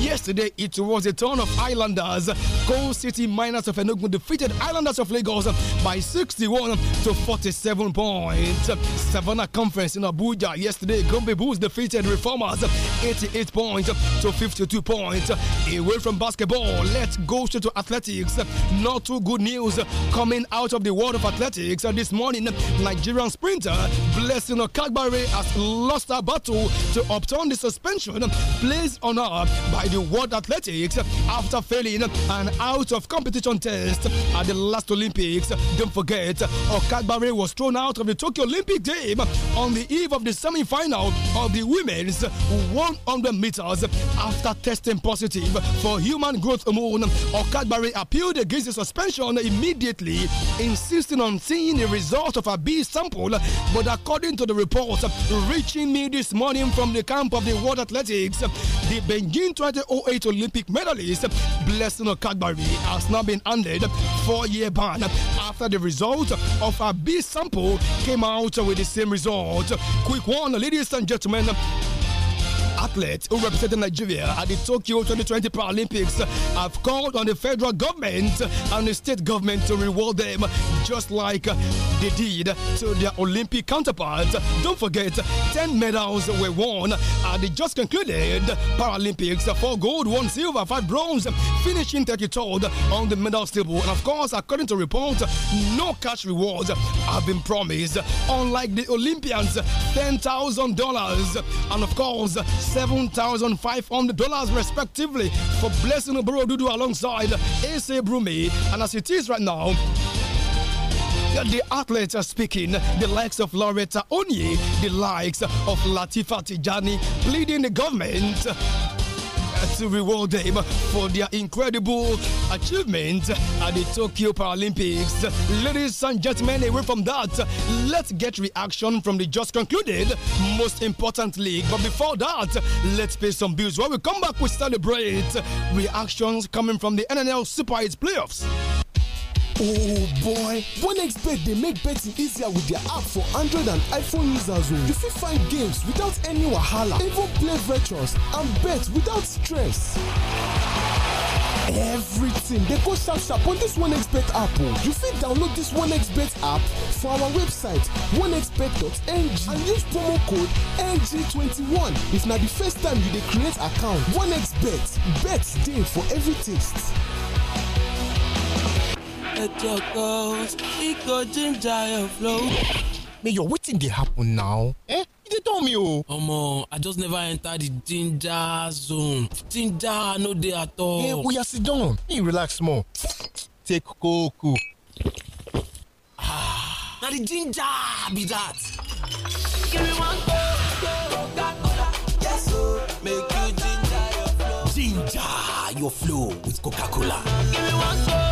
Yesterday, it was a turn of Islanders. Goal City Miners of Enugu defeated Islanders of Lagos by 61 to 47 points. Savannah Conference in Abuja yesterday, Gombe Bulls defeated Reformers 88 points to 52 points. Away from basketball, let's go straight to athletics. Not too good news coming out of the world of athletics this morning. Nigerian sprinter Blessing Okagbare has lost her battle to upturn the suspension placed on her by the World Athletics after failing an out of competition test at the last Olympics. Don't forget, Okadbare was thrown out of the Tokyo Olympic game on the eve of the semi final of the women's 100 meters after testing positive for human growth hormone. Okadbare appealed against the suspension immediately, insisting on seeing the result of her B sample. But according to the report reaching me this morning, came from the camp of the World Athletics, the Beijing 2008 Olympic medalist Blessing Okagbari has now been handed four-year ban after the result of a B sample came out with the same result. Quick one, ladies and gentlemen athletes who represented Nigeria at the Tokyo 2020 Paralympics have called on the federal government and the state government to reward them just like they did to their Olympic counterparts. Don't forget, 10 medals were won at the just concluded Paralympics 4 gold, 1 silver, 5 bronze, finishing 33rd on the medal table. And of course, according to reports, no cash rewards have been promised, unlike the Olympians, $10,000 and of course, $7,500 respectively for Blessing Oboro Dudu alongside Ace Brumi. And as it is right now, the athletes are speaking, the likes of Loretta Onye, the likes of Latifa Tijani, pleading the government to reward them for their incredible achievement at the Tokyo Paralympics. Ladies and gentlemen, away from that, let's get reaction from the just concluded most important league. But before that, let's pay some bills. When we come back, we celebrate reactions coming from the NNL Super 8 playoffs. Oh boy! OneXBet they make betting easier with their app for Android and iPhone users o. Oh. You fit find games without any wahala, even play virtuals and bet without stress. Everything they go sharp sharp on this OneXBet app o. Oh. You fit download this OneXBet app for our website onexbet.ng and use promo code NG21 if not the first time you create account. OneXBet, bets day for every taste at your goals. It go ginger your flow. mayor wetin dey happen now eh you dey tell me o. omo i just never enter the ginger zone ginger no dey at all. eh oya sit down make you relax small take koko. ah na the ginger be that. give me one coca-cola yes o make you ginger your flow. ginger your flow with coca-cola. give me one coca-cola.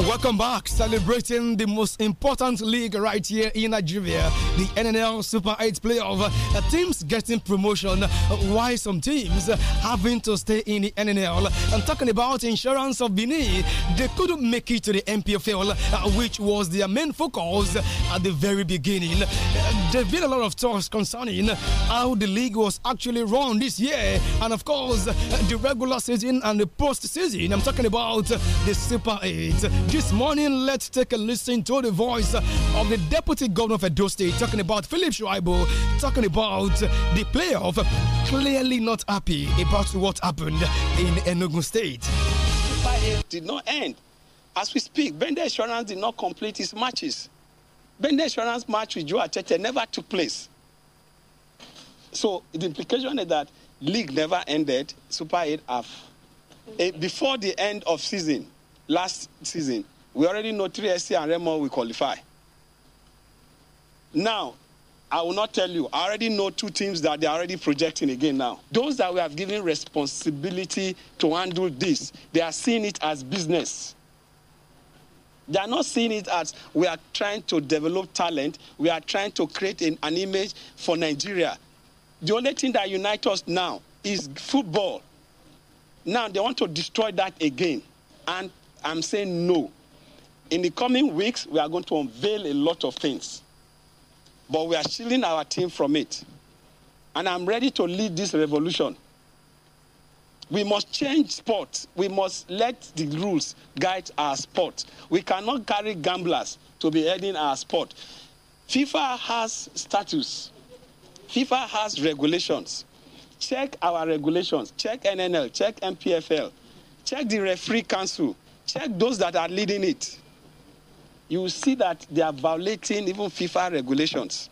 Welcome back, celebrating the most important league right here in Nigeria, the NNL Super 8 playoff. Uh, teams getting promotion, uh, why some teams uh, having to stay in the NNL. I'm talking about insurance of Benin. They couldn't make it to the MPFL, uh, which was their main focus at the very beginning. Uh, there've been a lot of talks concerning how the league was actually run this year, and of course, uh, the regular season and the post season. I'm talking about the Super 8. This morning, let's take a listen to the voice of the Deputy Governor of Edo State talking about Philip Shuaibu, talking about the playoff, clearly not happy about what happened in Enugu State. Did not end. As we speak, Bender Insurance did not complete his matches. Bender Insurance match with Joe never took place. So the implication is that league never ended. Super 8 half. Eh, before the end of season, last season, we already know 3SC and Remo will qualify. Now, I will not tell you. I already know two teams that they're already projecting again now. Those that we have given responsibility to handle this, they are seeing it as business. They are not seeing it as we are trying to develop talent, we are trying to create an, an image for Nigeria. The only thing that unites us now is football. Now they want to destroy that again. And I'm saying no. In the coming weeks, we are going to unveil a lot of things, but we are shielding our team from it. And I'm ready to lead this revolution. We must change sports. We must let the rules guide our sport. We cannot carry gamblers to be heading our sport. FIFA has status. FIFA has regulations. Check our regulations. Check NNL. Check MPFL. Check the referee council. Check those that are leading it. You will see that they are violating even FIFA regulations.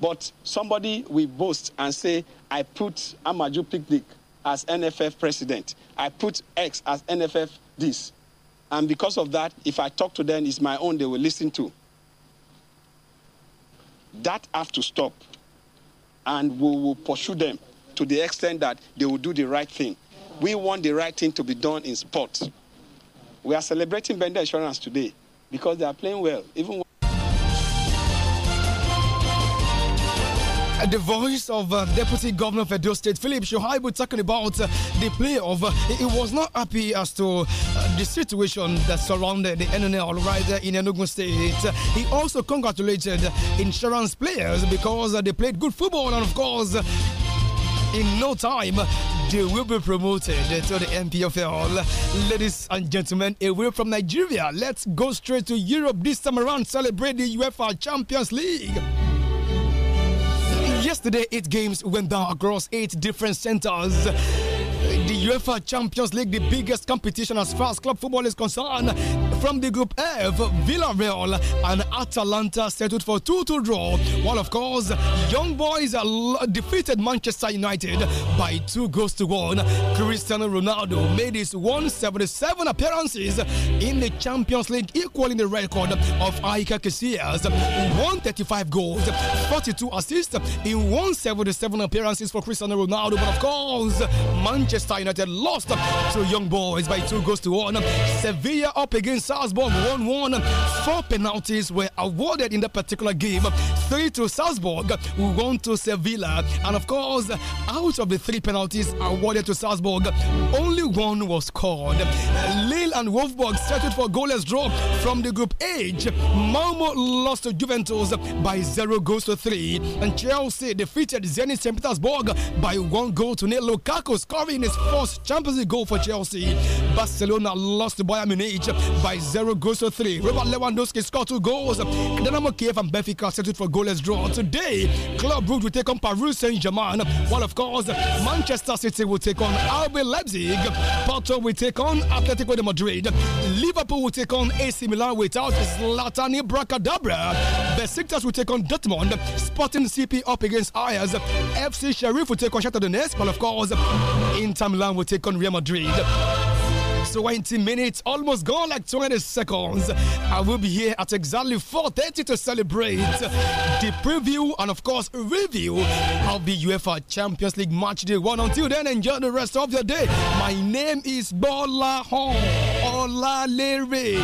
But somebody will boast and say, I put Amaju Picnic as NFF president. I put X as NFF this. And because of that, if I talk to them, it's my own they will listen to. That have to stop. And we will pursue them to the extent that they will do the right thing. We want the right thing to be done in sport. We are celebrating Bender Insurance today because they are playing well. Even the voice of uh, Deputy Governor of Edo State, Philip Shohaibu, talking about uh, the play of. Uh, he was not happy as to uh, the situation that surrounded the NNL right there in Enugu State. He also congratulated insurance players because uh, they played good football and, of course, in no time they will be promoted to the NPFL. Ladies and gentlemen, away from Nigeria, let's go straight to Europe this time around. Celebrate the UEFA Champions League. Yesterday, eight games went down across eight different centers. The UEFA Champions League, the biggest competition as far as club football is concerned from the group F, Villarreal and Atalanta settled for 2 2 draw. While, of course, Young Boys defeated Manchester United by 2 goals to 1. Cristiano Ronaldo made his 177 appearances in the Champions League, equaling the record of Aika Casillas. 135 goals, 42 assists in 177 appearances for Cristiano Ronaldo. But, of course, Manchester United lost to Young Boys by 2 goals to 1. Sevilla up against Salzburg 1 1. Four penalties were awarded in that particular game three to Salzburg, one to Sevilla. And of course, out of the three penalties awarded to Salzburg, only one was scored. Lille and Wolfsburg settled for goalless draw from the group H. Malmo lost to Juventus by 0 goals to 3. And Chelsea defeated Zenit St. Petersburg by 1 goal to nil. Lukaku scoring his first Champions League goal for Chelsea. Barcelona lost to Bayern Munich by 0 goes to 3. Robert Lewandowski scored two goals. Dynamo Kiev and Benfica settled for goalless draw. Today, Club Brugge will take on Paris Saint-Germain. While, of course, Manchester City will take on RB Leipzig. Porto will take on Atletico de Madrid. Liverpool will take on AC Milan without Zlatan Bracadabra. Besiktas will take on Dortmund. Sporting CP up against Ayers. FC Sheriff will take on Shakhtar Donetsk. While, of course, Inter Milan will take on Real Madrid. 20 minutes, almost gone like 20 seconds. I will be here at exactly 4.30 to celebrate the preview and of course review of the UEFA Champions League match day one. Until then, enjoy the rest of your day. My name is Bola Hong Olalere.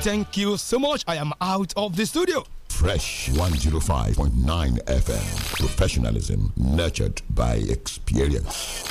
Thank you so much. I am out of the studio. Fresh 105.9 FM. Professionalism nurtured by experience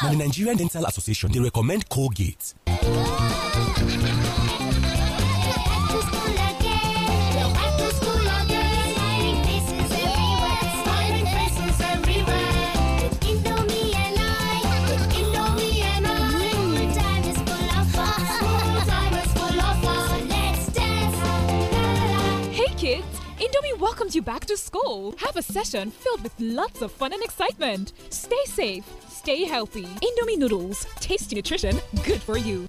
Now, the Nigerian Dental Association, they recommend Colgate. welcomes you back to school. Have a session filled with lots of fun and excitement. Stay safe, stay healthy. Indomie noodles, tasty nutrition, good for you.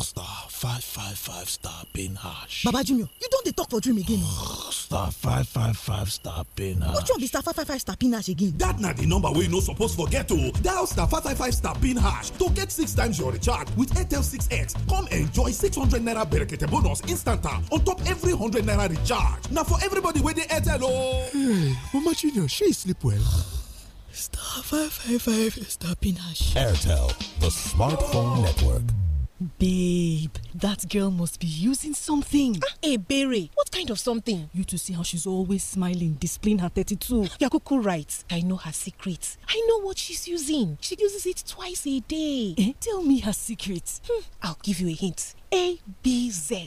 Star five five five star pin hash. baba junior you don't dey talk for dream again star five five five star pin hash. which one be star five five five star pin hash again. That na the number we no supposed forget o oh. dial star five five five star pin hash to get six times your recharge with airtel 6x come enjoy 600 naira berekete bonus instant am ah, on top every 100 naira recharge Now for everybody wey the airtel oh. Hey, hmm, mama junior shey sleep well. Star 555 is stopping us. Airtel, the smartphone network. Babe, that girl must be using something. Ah, hey, Barry, what kind of something? You to see how she's always smiling, displaying her 32. Yakuku writes, I know her secret. I know what she's using. She uses it twice a day. Eh? Tell me her secret. Hmm, I'll give you a hint. A B Z.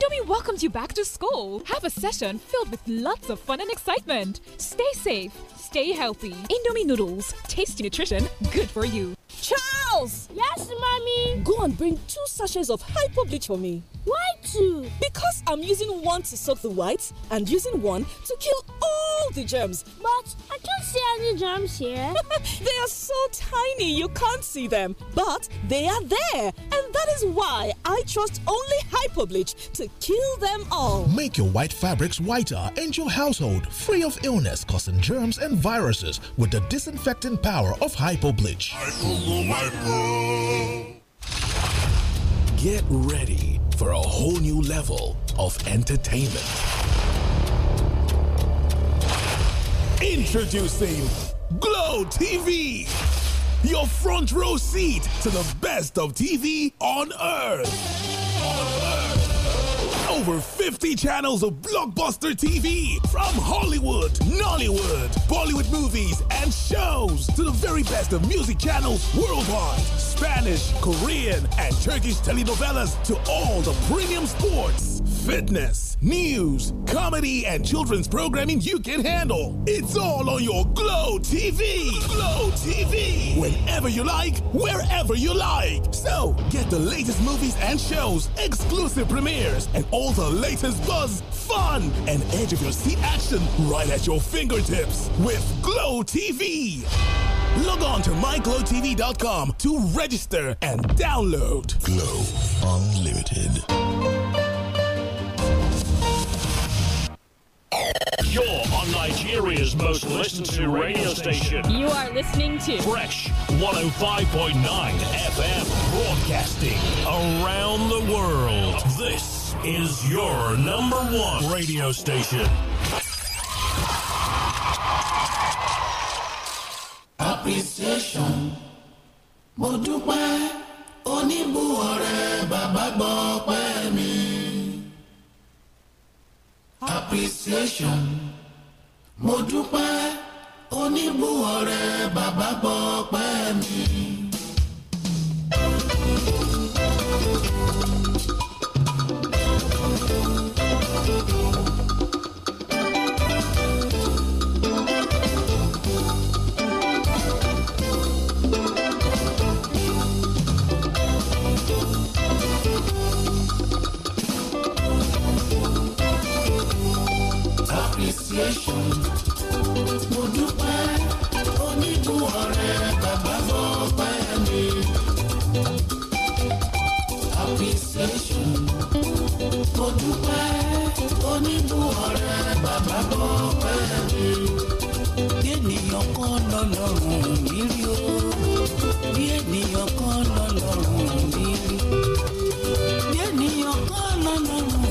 Indomie welcomes you back to school. Have a session filled with lots of fun and excitement. Stay safe stay healthy. Indomie noodles, tasty nutrition, good for you. Charles! Yes, mommy? Go and bring two sachets of hypo bleach for me. Why two? Because I'm using one to soak the whites and using one to kill all the germs. But I can't see any germs here. they are so tiny you can't see them. But they are there. And that is why I trust only hypo bleach to kill them all. Make your white fabrics whiter and your household free of illness causing germs and viruses with the disinfecting power of Hypo Get ready for a whole new level of entertainment. Introducing Glow TV, your front row seat to the best of TV on earth over 50 channels of blockbuster TV from Hollywood, Nollywood, Bollywood movies, and shows to the very best of music channels worldwide. Spanish, Korean, and Turkish telenovelas to all the premium sports fitness, news, comedy, and children's programming you can handle. It's all on your Glow TV. Glow TV. Whenever you like, wherever you like. So get the latest movies and shows, exclusive premieres, and all the latest buzz, fun, and edge of your seat action right at your fingertips with Glow TV. Log on to myglowtv.com to register and download Glow Unlimited. You're on Nigeria's most listened to radio station. You are listening to Fresh 105.9 FM broadcasting around the world. This is your number one radio station. Appreciation. Mo dúpẹ́ oníbùwọ̀ bàbá gbọ́ pẹ́ mi. appreciation mo dúpẹ́ oníbùwọ̀rẹ́ bàbá bọ̀ pẹ́ mi. thank you yéṣu mo dúpẹ́ onígun ọ̀rẹ́ bàbá fọ́pẹ́ mi. appreciation mo dúpẹ́ onígun ọ̀rẹ́ bàbá fọ́pẹ́ mi. ènìyàn kan lọ́lọ́run mi rí o bí ènìyàn kan lọ́lọ́run mi rí bí ènìyàn kan lọ́lọ́run mi rí.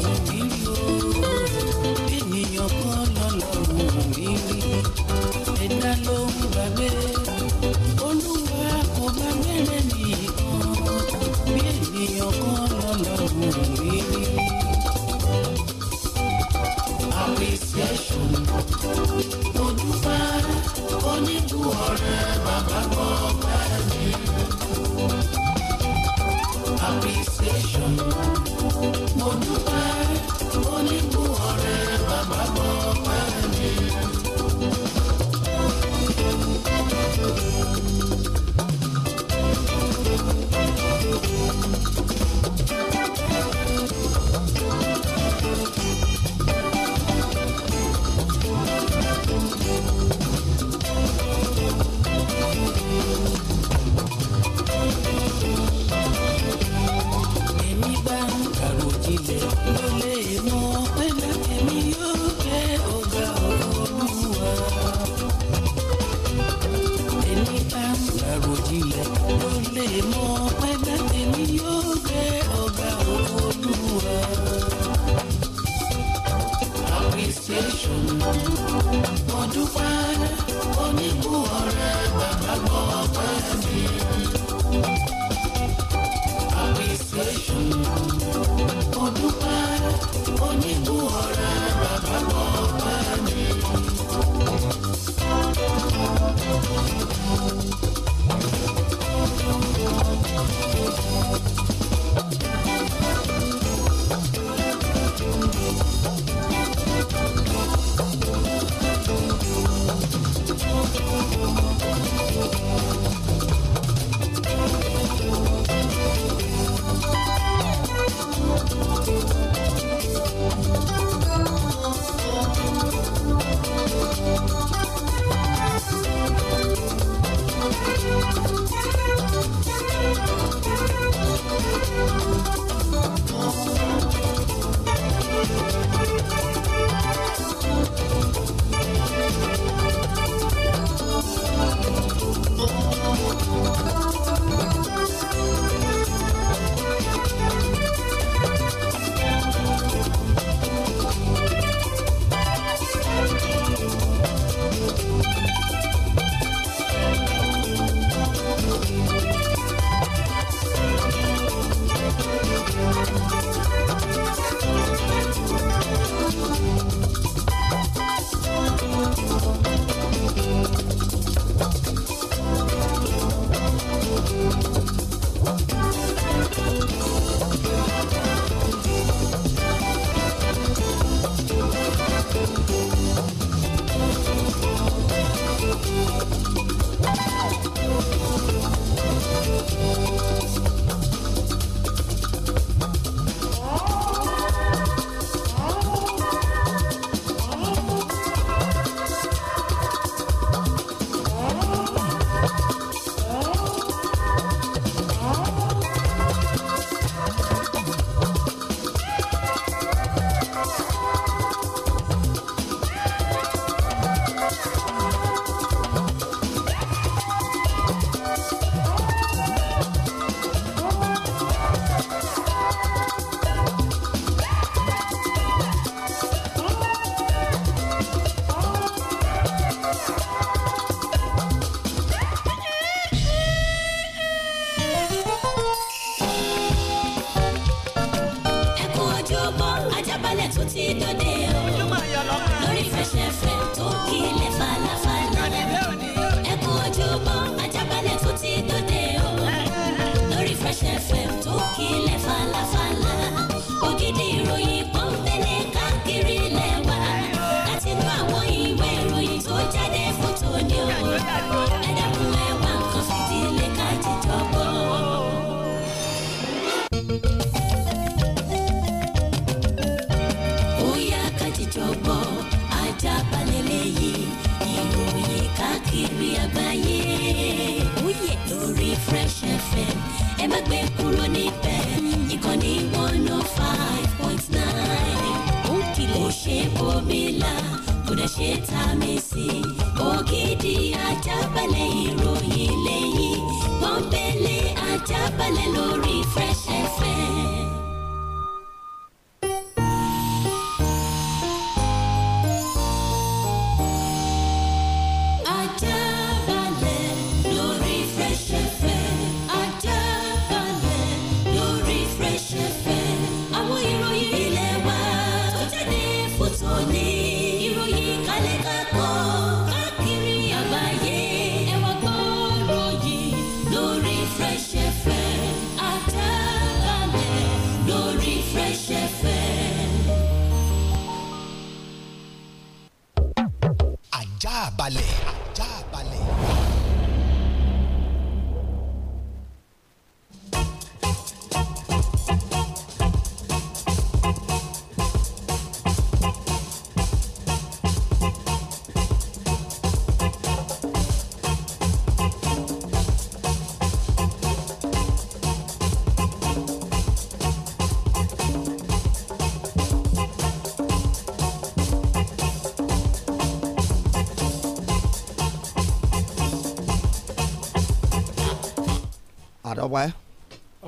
àdọ́pẹ́.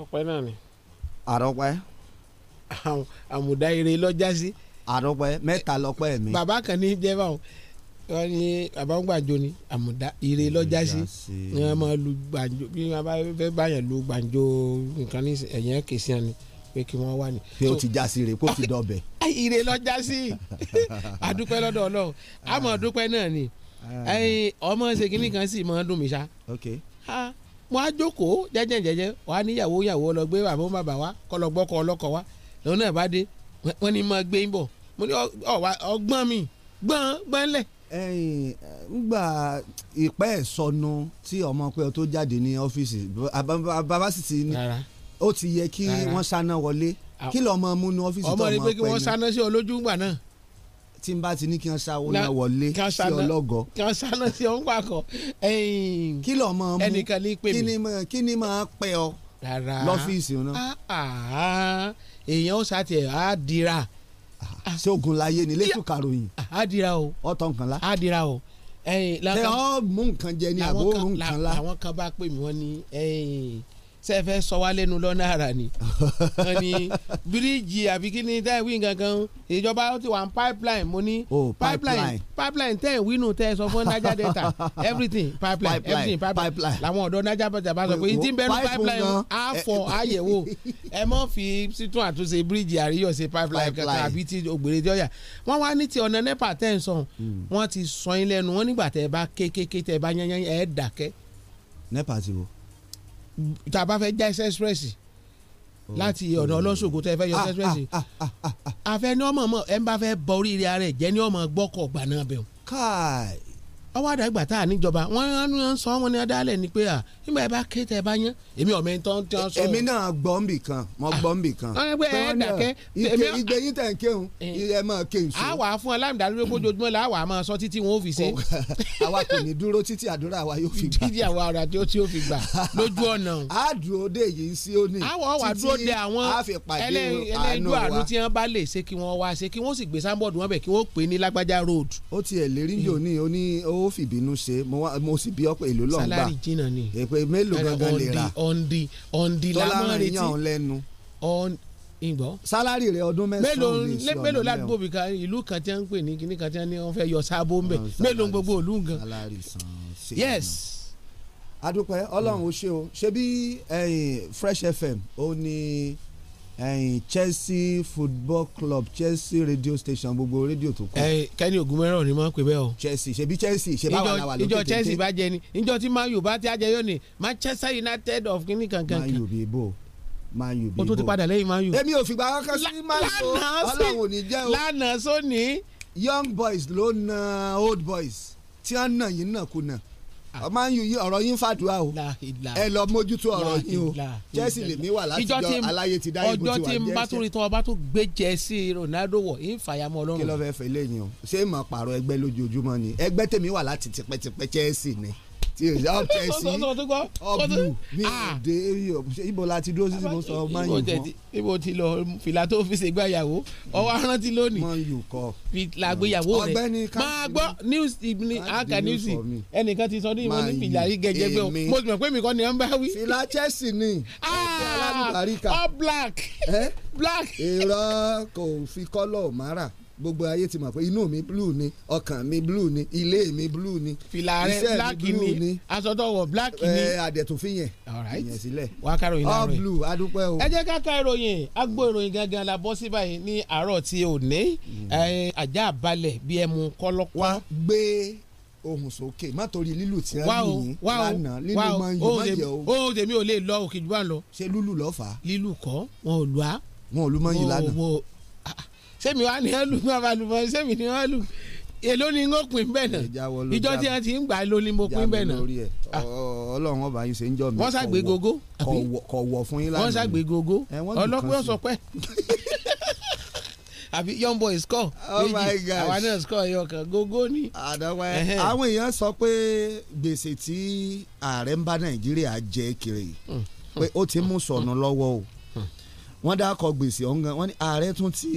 ọpẹ́ náà ni. àdọ́pẹ́. àmùdá ire lọ́jà sí. àdọ́pẹ́ mẹ́ta lọ́pẹ́ mi. bàbá kan ní jẹ́fà o wọ́n ní bàbá ń gbàjọ ni àmùdá ire lọ́jà sí ni wọ́n máa lu gbàjọ bí wọ́n bá fẹ́ báyàn lu gbàjọ nǹkan ní ẹ̀yìn kìsìn ni pé kí wọ́n wà ní. pé o ti já sí ire kó o ti dọ̀bẹ̀. ire lọ́jà sí àdúpẹ́ lọ́dọ̀ ọlọ́run àmọ́ àdúpẹ́ náà ni ah. ọmọ ṣèkínní kan sì máa ń dùn mí ṣá. ok ha wọ́n á jókòó jẹ́jẹ́ jẹ́jẹ́ wọ́n á níyàwó yàwó lọ gbé bàbá wọn bàbá wa kọ́ lọ gbọ́kọ́ ọlọ́kọ wa lọ́wọ́ náà bá dé wọ́n ní máa gbé ń bọ̀ mo ní ọgbọ́n mi gbọ́n gbọ́n lẹ̀. ẹyin ngbà ìpẹ́ sọnù tí ọmọ pé ọ tó jáde ní ọ́fíìsì bàbá sì ti ní ó ti yẹ kí wọ́n sáná wọlé kí lọ́mọ mú ní ọ́fíìsì tó ọmọ pẹ́ tí n bá ti ní kí n sa owó yẹn wọlé sí ọlọ́gọ. kí n sáná sí ọ̀hún pàkọ́. kí lọ mọ mú ẹnìkan ní pè mí kí ni máa pẹ ọ lọ́fíìsì náà. Ah, ah, èèyàn ó sàtì ẹ̀ á dira. Ah, ṣoògùn láyé ni lẹ́tù karòyìn. á dira o. ọ̀tọ̀ nǹkan la. á dira o. ẹ ọ mú jẹ ni àbó nǹkan la. làwọn kan bá pè mí wọ́n ní ṣe fẹ́ sọ wá lẹ́nu lọ́nà ara ni wọ́n ní bíríìjì àbí kí ni tẹ́ wí gangan ìjọba ó ti wà pipeline mo ní oh, pipeline pipeline tẹ́ ìwí nù tẹ́ sọ fún Niger Delta everything pipeline everything pipeline làwọn ọ̀dọ́ Niger Delta bá sọ pé ìdí bẹ́ẹ̀ ní pipeline àfọ̀ àyẹ̀wò ẹ mọ̀ fi sítún àtúnṣe bíríìjì àríyọ̀ pipeline kankan àbí ti ògbèrè tí ó yà wọ́n wá ní ti ọ̀nà nepa tẹ́ ń sọ hmm. wọ́n ti sọ yín lẹ́nu wọ́n nígbà tẹ́ ẹ bá kékeré tẹ́ ẹ bá yányán ẹ dákẹ́. nepa ti wo tá a bá fẹ́ já express láti ọ̀nà oh. ọlọ́sọ̀gbò tẹ́ fẹ́ yọ ah, express afẹ́ ah, ah, ni ọmọ mọ̀ ẹ̀ ń bá fẹ́ bọ oríire ara ẹ̀ jẹ́ ni ọmọ gbọ́kọ̀ gbà náà bẹ̀ káì ọwọ́ àdàgbà tá a níjọba wọ́n ń sọ wọn ní adálẹ̀ ni pé à nígbà yẹn bá ké tẹ ẹ bá yán èmi ọ̀mẹ́ tó ń tán sọ. èmi náà gbọ́ ń bì kan mo gbọ́ ń bì kan. ọ̀hún ẹgbẹ́ ẹ dàkẹ́. ike igbe yín tẹ̀ ń kéhùn eh. ẹ máa ké nsọ. àwa fún aláǹdà lórí ojoojúmọ́ la àwa máa sọ títí wọn ò fi ṣe. àwa kò ní dúró títí àdúrà wa yóò fi gbà. títí àwa ọ̀rà tí ó fi gbà lójú ọ̀nà. a dúró ó fìbínú ṣe mo sì bí ọ̀pọ̀ èlò lọ́ngbà sálárì jìnnà ni èpè mélòó gangan lè ra ọ̀ndì ọ̀ndì làmọ́ retí tọ́lá ìgbọ́. sálárì rẹ ọdún mẹ́sàn-án ní ìṣúná mélòó ládùúgbò bí ìlú kan tí wọ́n ń pè ní kíní kan tí wọ́n fẹ́ yọ sábó ń bẹ̀ mélòó gbogbo òlú gan. sálárì san ṣe é yes. adúpẹ́ ọlọ́run ó ṣe o ṣe bí Fresh FM ó ní. Chelsea Football Club Chelsea radio station gbogbo rédíò tó kù. kẹ́ni ògúnmẹ́rán ni wọ́n pè bẹ́ẹ̀ o. Chelsea ṣebí Chelsea ṣe báwa la wà lókè tètè. ìjọ Chelsea bá jẹ ni ìjọ tí Man U bá ti àjẹ yóò ní Manchester United of kínní kankan. Man U bí ibo Man U bí ibo. o tún ti padà lẹ́yìn Man U. èmi ò fìgbà kankan sí Man U ọlọ́run ò ní jẹ́ o. lánàá sóní. young boys ló na old boys tí wọ́n nà yín nà kú náà Ah. ọmọ yìí ọ̀rọ̀ yín fàdúrà o ẹ lọ mójútó ọ̀rọ̀ yín o Chelsea lèmi wà látijọ́ aláyé ti dá ibùdó ọjọ́ tí n bá tó rí tán ọba tó gbé Chelsea Ronaldo wọ̀ ń fàyàmọ́ ọlọ́run. kí ló fẹ́ fẹ́ lẹ́yìn o ṣé ìmọ̀ pààrọ̀ ẹgbẹ́ lójoojúmọ́ ni ẹgbẹ́ tèmi wà láti tipẹ́tipẹ́ Chelsea ni tí o yà ọ tẹ sí ọbù ní ah. òde eré ọbù ibo la ti dúró sí ibo sọ máa yòó kọ. ibo ti lọ fìlà tó fi ṣègbà yàwó ọwọ́ arántí lónìí máa yòó kọ. fìlà gbéyàwó rẹ máa gbọ́ news ní aka news ẹnìkan ti sọ ní ìmọ̀ ní fìlà yìí gẹ́gẹ́ gbẹ́ o mo sì mọ̀ pé mi kọ́ ni ẹ ń bá wí. fìlà Chelsea ni ah, all black black. èrò kò fi kọ́lọ̀ mara gbogbo ayé ti mọ̀ pé inú mi blue ni ọkàn mi blue ni ilé mi blue ni iṣẹ́ mi blue ni aṣọ black ni àdẹ̀túnfin yẹn ìyẹn sílẹ̀ all blue adúpẹ́ o. ẹ jẹ́ ká ìròyìn agbo ìròyìn gangan la bọ́ sí báyìí ní àárọ̀ tí ò ní mm. ajá àbálẹ̀ bí ẹ mú kọ́lọ́kọ́. wá gbé ohùn sókè má torí lílù tí wọn lù yín lánàá lílù máa ń yọ má yẹ o. ó tèmi ò lè lọ òkè jù bá lọ. ṣé lúlù lọ fà á. lílù kọ́ wọn ò lù á. wọn ò lù máa ń lánàá sẹ́mi wà ní ẹlù ní àbálùbọ̀ sẹ́mi ní ẹlù èló ni ń pín bẹ́ẹ̀ náà ìjọ tí wọ́n ti ń gbà ló ni mo pín bẹ́ẹ̀ náà. Ah. ọlọ́run ọba yín ṣe ń jọ mi. wọ́n ṣàgbé gogo kọ̀wọ̀ fún yín láàyè. wọ́n ṣàgbé gogo ọlọ́pẹ́ ọ̀sọ̀pẹ́ àbí young boy score oh méjì àwa náà score ẹyọ kan gógó ni. àdàwọ̀ ẹ àwọn èèyàn sọ pé gbèsè tí ààrẹ ń bá nàìjíríà jẹ kiri mm. pé ó ti mú sọnù lọ́wọ́ o wọ́n dákọ̀ gbèsè ọ̀hún gan wọ́n ní ààrẹ tún ti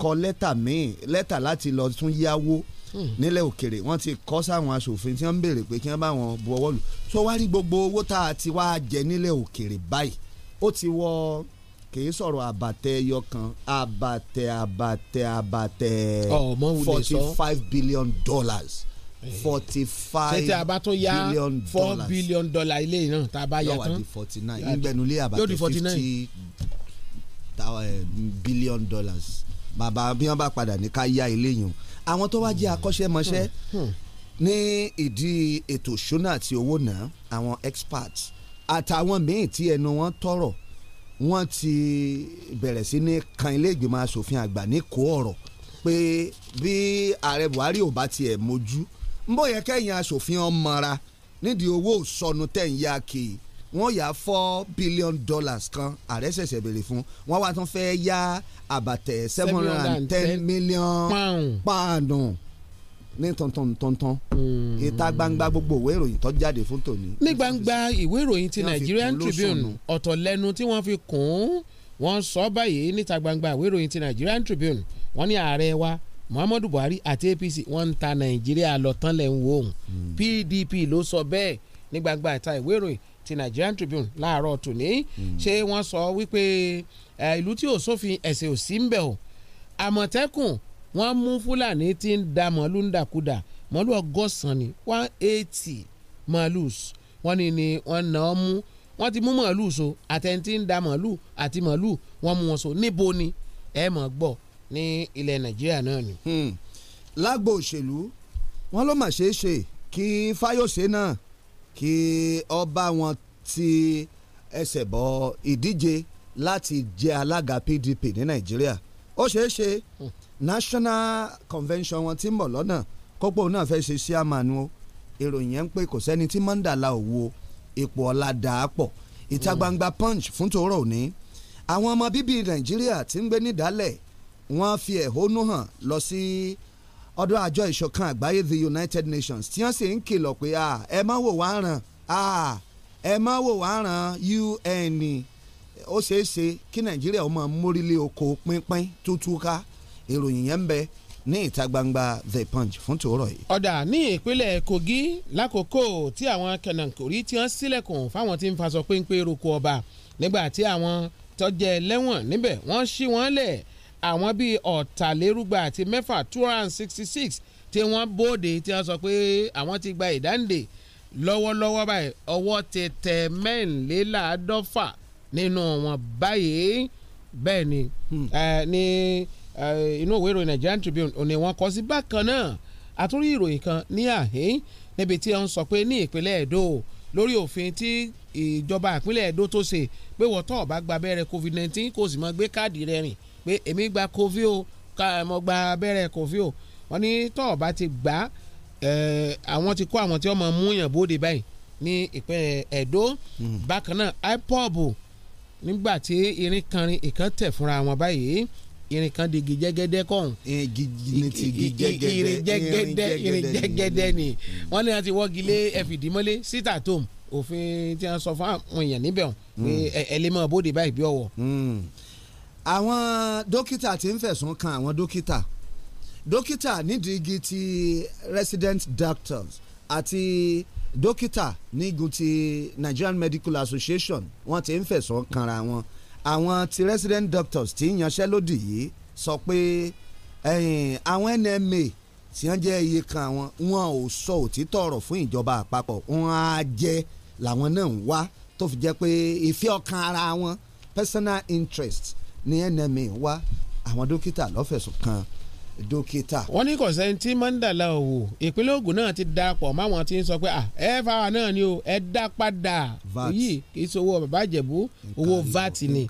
kọ lẹ́tà míì lẹ́tà láti lọ tún yáwó hmm. nílẹ̀ òkèrè wọ́n ti kọ́ sáwọn aṣòfin tí wọ́n ń béèrè pé kí wọ́n bá wọn bu ọwọ́ lù tó wá rí gbogbo owó tá a ti wá jẹ nílẹ̀ òkèrè báyìí ó ti wọ kìí sọ̀rọ̀ àbàtẹ ẹyọ kan àbàtẹ àbàtẹ àbàtẹ forty five billion dollars eh. forty five billion dollars four billion dollars ilé yìí náà tá a bá yà tán yóò di forty nine ìgbẹ́nulé àbàtẹ fifty Eh, billion dollars bàbá bí wọ́n bá padà ní ká yá ilé yìí àwọn tó wá jẹ́ akọ́ṣẹ́mọṣẹ́ hmm, hmm, hmm. ní ìdí ètò ìṣúná àti owó náà àwọn experts àtàwọn míì tí ẹnu wọn tọrọ wọ́n ti bẹ̀rẹ̀ sí ní kan ilé ìgbìmọ̀ asòfin àgbà ní kó ọ̀rọ̀ pé bí ààrẹ Buhari ò bá tiẹ̀ mojú ń yẹ kẹ́yìn asòfin ọmọra nídìí owó sọnù tẹ̀ ń yá kiri wọ́n yá four billion dollars kan ààrẹ ṣẹ̀ṣẹ̀ béèrè fún wọ́n wá tún fẹ́ yá àbàtẹ̀ seven hundred and ten million pound ní tọ̀ntọ̀n tọ̀ntọ̀n hmm. ìta gbangba gbogbo ìwé ìròyìn tó jáde fún tòní. ní gbangba ìwé ìròyìn ti Nigerian Tribune ọ̀tọ̀ lẹ́nu tí wọ́n fi kùn ún wọ́n sọ báyìí níta gbangba ìwé ìròyìn ti Nigerian Tribune wọ́n ní ààrẹ wa Muhammadu Buhari àti APC wọ́n ń ta Nàìjíríà lọ tán lẹ̀ ń wò ó PDP ló sọ bẹ́ẹ̀ ní gbangba ìta ìwé ìròyìn ti Nigerian Tribune láàárọ̀ tòní hmm. ṣé wọ́n sọ wípé ìlú tí ò sófin ẹ̀sìn ò sí ń bẹ̀ o àmọ̀tẹ́kùn wọ́n mú fúlàní tí ń da màálù ń dàkúdà màálù ọgọ́sàn ni one eighty màálùs wọ́n ní ni wọ́n nà ọ́ mú wọ́n ti mú màálù so àtẹni ń da màálù àti màálù wọ́n mú wọn so níbo ni ẹ mọ̀ gbọ́ ní ilẹ̀ Nàìjíríà náà ni. Hmm. lágbo òṣèlú wọn ló mà ṣeé ṣe kí Fáyọ̀ṣe náà kí ọba wọn ti ẹsẹ̀ bọ ìdíje láti jẹ alága PDP ní Nàìjíríà ó ṣeé ṣe hmm. national convention wọn ti ń bọ̀ lọ́nà kópò náà fẹ́ ṣe chairman o ìròyìn yẹn ń pé kò sẹ́ni tí mọ́ńdàlá ò wo ipò ọ̀la dà á pọ̀ ìta hmm. gbangba punch fún tòró òní àwọn ọmọ bíbí Nàìjíríà ti ń gbé nídàálẹ̀ wọ́n fi ẹ̀hónú hàn lọ sí. Si ọ̀dọ̀ àjọ ìṣọ̀kan àgbáyé the United Nations tí wọ́n sì ń kìlọ̀ pé ẹ má wò wá ràn ẹ má wò wá ràn UN ó ṣeé ṣe kí Nàìjíríà ó máa mórílé oko pínpín tútúká ìròyìn yẹn ń bẹ ní ìta gbangba the punch fún tòórọ̀ yìí. ọ̀dà ní ìpínlẹ̀ Kogi lákòókò tí àwọn kẹ̀nàkórí tí wọ́n sílẹ̀kùn fáwọn tí ń faṣọ péńpé roko ọba nígbà tí àwọn tọ́jẹ́ lẹ́wọ̀n níbẹ̀ wọ́n ṣí wọ́n lẹ̀ àwọn bíi ọ̀tàlérúgba àti mẹ́fà two hundred and sixty six tí wọ́n bóde tí wọ́n sọ pé àwọn ti gba ìdáǹdè lọ́wọ́lọ́wọ́ báyìí ọwọ́ ti tẹ mẹ́rìnléláàádọ́fà nínú wọn báyìí bẹ́ẹ̀ ni hmm. ní inú òwe ìròyìn Nigerian Tribune òní wọn kọ sí bákan náà àtúrí ìròyìn kan ní àhín níbi tí wọ́n sọ pé ní ìpínlẹ̀ Èdó lórí òfin tí ìjọba ìpínlẹ̀ Èdó tó ṣe pé wọ́n tó bá gba abẹ́rẹ́ COVID-19 kò sì mọ́ gbé káàdì rẹ̀ rìn pé èmi gba covid o mo gba abẹ́rẹ́ covid o wọ́n ní tọ́ ọ bá ti gbà á àwọn ti kó àwọn tí wọ́n máa mú yàn bóde báyìí ní ìpínlẹ̀ Ẹdó hmm. bákan náà ipob nígbà tí irin kanrin ìkan tẹ̀ fúnra wọn báyìí irin kan di gijẹgẹdẹ kọhún. irin jẹgẹdẹ irin jẹgẹdẹ ni hmm. wọ́n ní wọ́n ti wọ́gi lé ẹfìdímọ́lé sitatom òfin tí wọ́n sọ fún àwọn èèyàn níbẹ̀ ọ̀hún pé hmm. ẹ bóde báyìí bí ọ̀wọ̀ àwọn dókítà ti ń fẹ̀sùn kan àwọn dókítà dókítà nídìí igi ti resident doctors àti dókítà nígun ti Nigerian Medical Association wọ́n ti ń fẹ̀sùn kanra wọn àwọn ti resident doctors ti ń yanṣẹ́lódì yìí sọ pé àwọn NMA tí wọ́n jẹ́ iye kan wọn wọn ò sọ òtítọ́ ọ̀rọ̀ fún ìjọba àpapọ̀ wọn á jẹ́ làwọn náà ń wá tó fi jẹ́ pé ìfẹ́ ọkàn ara wọn personal interest ní nma wá àwọn dókítà ló fẹ̀sùn kan dókítà. wọ́n ní kọ̀sẹ́ tí mandala wò ìpínlẹ̀ Ògùn náà ti darapọ̀ máwọn tí ń sọ pé ẹ fa wa náà ni o ẹ dá padà òyì kì í ṣe owó bàbá ìjẹ̀bú owó vat ni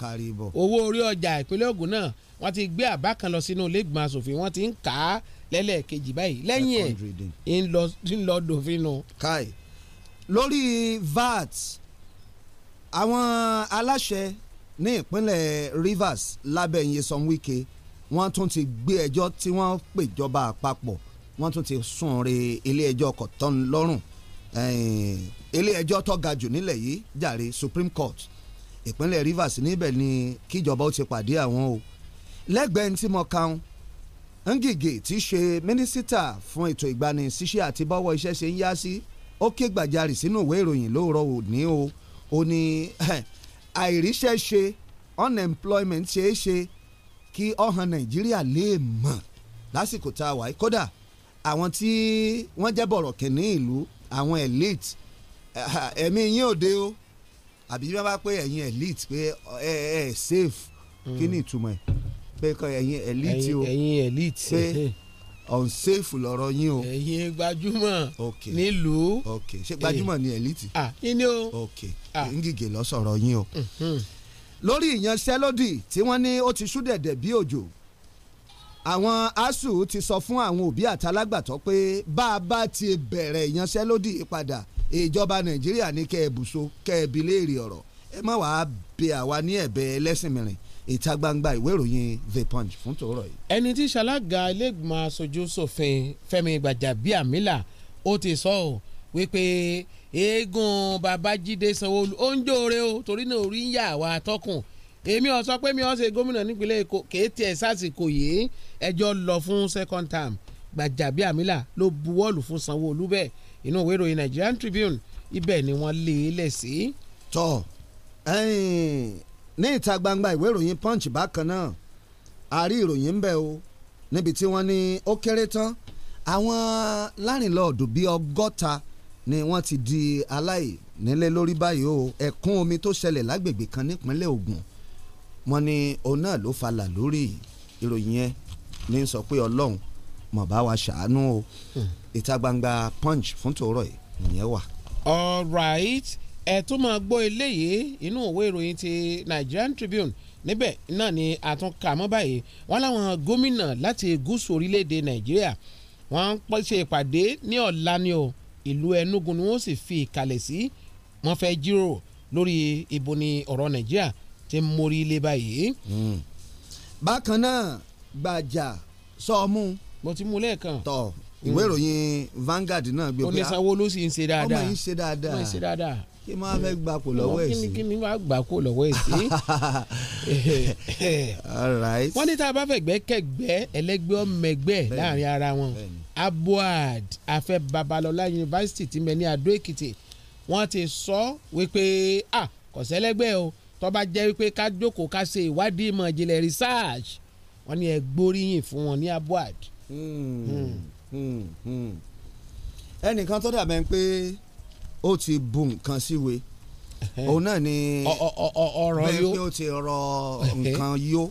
owó orí ọjà ìpínlẹ̀ Ògùn náà wọ́n ti gbé àbá kan lọ sínú ilé ìgbìmọ̀ asòfin wọ́n ti ń kà á lẹ́lẹ́kejì báyìí lẹ́yìn ẹ̀ ń lọ dòfin nu. lórí vat àwọn aláṣẹ ní ìpínlẹ̀ Rivers lábẹ́ Nyesom Wike wọ́n tún ti gbé ẹjọ́ tí wọ́n pèjọba àpapọ̀ wọ́n tún ti sùn re ilé ẹjọ́ kọ̀tọ́n lọ́rùn ilé ẹjọ́ tó ga jù nílẹ̀ yìí jàre Supreme Court ìpínlẹ̀ Rivers níbẹ̀ ni kíjọba ó ti pàdé àwọn o lẹ́gbẹ̀ẹ́ tí mo kàn Ngige tí í ṣe mínísítà fún ètò ìgbanisíṣẹ́ àti bọ́wọ́ iṣẹ́ ṣe ń yá sí ó ké gbàjarì sínú ìwé ìròyìn lóòrọ̀ òní o ó ní àìríṣẹ́ ṣe unemployment ṣe é ṣe kí ọ̀hàn nàìjíríà lè mọ̀ lásìkò tá a wà kódà àwọn tí wọ́n jẹ́ bọ̀rọ̀ kìnní ìlú àwọn elite eh, ẹ̀mí yín òde o àbí bí wọ́n bá pé ẹ̀yin elite pé ẹ ẹ safe kí ni hmm. ìtumọ̀ ẹ̀ pé ẹ̀yin elite o ẹ̀yin elite pé eh, eh ọ̀hún ṣèfù lọ́rọ̀ yín o. ẹ̀yin gbajúmọ̀ nílùú. ok ṣé gbajúmọ̀ ni elite. ah kíni o. ok ngige lọ sọ̀rọ̀ yín o. Mhm. lórí ìyanṣẹ́lódì tí wọ́n ní ó ti ṣú dẹ̀dẹ̀ bí òjò àwọn asuu ti sọ fún àwọn òbí àtàlágbàtọ́ pé bá a bá ti bẹ̀rẹ̀ ìyanṣẹ́lódì padà ìjọba nàìjíríà ní kẹ́ẹ̀bùsọ kẹ́ẹ̀bí léèrè ọ̀rọ̀ ẹ má wàá bẹ àwa ní ẹ̀bẹ̀ ẹlẹ́sìn mìíràn ìta gbangba ìwé ìròyìn The Punch fún tòórọ yìí. ẹni tí ṣalága ilégbèmọ̀ aṣojú ṣòfin Fẹ́mi Gbàjàbíàmílà ó ti sọ ọ́ wípé eégún Babájídé Sanwó-Olú ó ń jóore o torí náà orí ń yà wá tọkùn èmi ọ̀ sọ pé mi ọ̀ ṣe gómìnà nípínlẹ̀ Èkó kéétì ẹ̀ sásìkò yìí ẹjọ́ lọ fún second term Gbàjàbíàmílà ló buwọ́lù fún Sanwó-Olú bẹ́ẹ̀ inú ìwé ìròyìn Nigerian Tribune ibẹ̀ ni wọ́n lé e lẹ̀ sí. tọ́ ní ìta gbangba ìwé ìròyìn punch bákan náà a ìròyìn ń bẹ o níbi tí wọ́n ní ó kéré tán àwọn lárìnlọ́ọ̀dù bíi ọgọ́ta ni wọ́n ti di aláìnílé lórí báyìí o ẹ̀kún omi tó ṣẹlẹ̀ lágbègbè kan nípínlẹ̀ Ògùn wọ́n ní òun náà ló falà lórí ìròyìn yẹn ní sọ pé Ọlọ́run mọ̀ bá wa ṣàánú o hmm. ìta gbangba punch fún tòórọ̀ yìí ìyẹn wà. all right ẹ tún máa gbọ́ eléyìí inú òwe ìròyìn ti Nigerian Tribune níbẹ̀ náà ni àtúnkà mọ́ báyìí wọ́n láwọn gómìnà láti gúúsù orílẹ̀-èdè Nàìjíríà wọ́n ń ṣe ìpàdé ní ọ̀la ni o ìlú Enugu ni wọ́n sì fi ìkàlẹ̀ sí wọ́n fẹ́ jíròrò lórí ibo ni ọ̀rọ̀ Nàìjíríà ti ń mórí ilé báyìí. Hmm. bákan náà gbàjà sọmú. mo ti mú lẹ́ẹ̀kan. tọ ìwé hmm. ìròyìn Vanguard náà gbé pé. onísanwó ló sì ń ṣe dáadáa. ń ṣe dáadáa. ọmọ yìí ń ṣe dáadáa kí máa fẹ́ gbà kó lọ́wọ́ ẹ̀ sí. kí ni máa gbà kó lọ́wọ́ ẹ̀ sí. wọ́n ní tá a bá fẹ́ gbẹ́kẹ̀gbẹ́ ẹlẹ́gbẹ́ ọmẹgbẹ́ láàrin ara wọn abuad afẹ babalọla yunifásitì ti mẹ ní adó èkìtì wọ́n ti sọ wípé a kò sẹ́lẹ́gbẹ́ o tó bá wípé ká jókòó ká ṣe ìwádìí ìmọ̀ ìjìnlẹ̀ research wọ́n ní ẹ gbóríyìn fún wọn ní abuad. Hmm. Hmm. Hmm. ẹnìkan tó dàbẹ̀ ń pé. Hmm. Hmm. Hmm ó ti bu nǹkan síwe òun náà ni ọ̀rọ̀ yó bẹ́ẹ̀ pé ó ti rọ nǹkan yó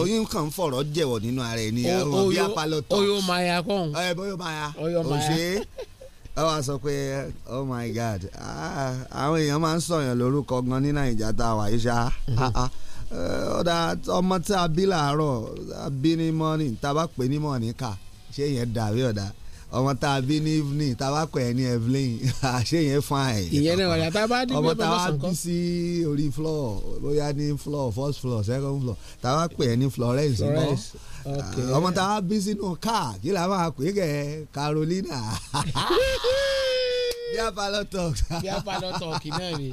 oyún kan fọ̀rọ̀ jẹ̀wọ̀ nínú ara ẹni àwọn bí apalọ̀tọ̀ oyo maya kọ́hún ẹ bóyá maya òṣè ẹ wá sọ pé oh my god ah, àwọn èèyàn máa ń sọ̀yàn lórúkọ gan ní nàìjà tá a wà yìí ṣá ọ̀dà ah, ah. ọmọ tí a bí làárọ̀ a bí ní mọ́ọ̀nì tá a bá pè ní mọ́ọ̀nì kà ṣé yẹn dàbí ọ̀dà ọmọ tá a bí ní evening tá a bá kọ̀ ẹ́ ní evelyn àṣé fine. ìyẹn náà ọ̀yà tá a bá dín bí ọmọ sàn kọ́. ọmọ tá a bí sí orí floor bóyá ní floor first floor second floor tá a bá pè é ní Florence mọ́ ah, ọmọ tá a bí sínú car kí la máa pè é kẹ́ Carolina. bíá palọ tọọkì. bíá palọ tọọkì náà ni.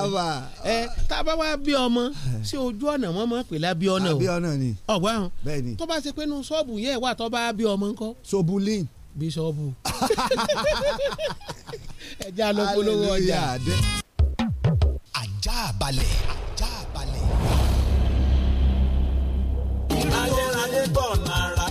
àbá. ẹ tá a bá wá bí ọmọ sí ojú ọ̀nà wọn máa pè lábí ọ̀nà o. àbí ni. ọ̀gbọ́n àwọn bẹ́ẹ̀ ni. tó bá ṣe pé nu ṣọ́ọ̀bù yẹn wà tó bá bí ọmọ ńkọ́. sobulin. bíṣọ́ọ̀bù. ẹja ló ọjà. ajá balẹ̀ ajá balẹ̀. adé adé bọ̀ nara.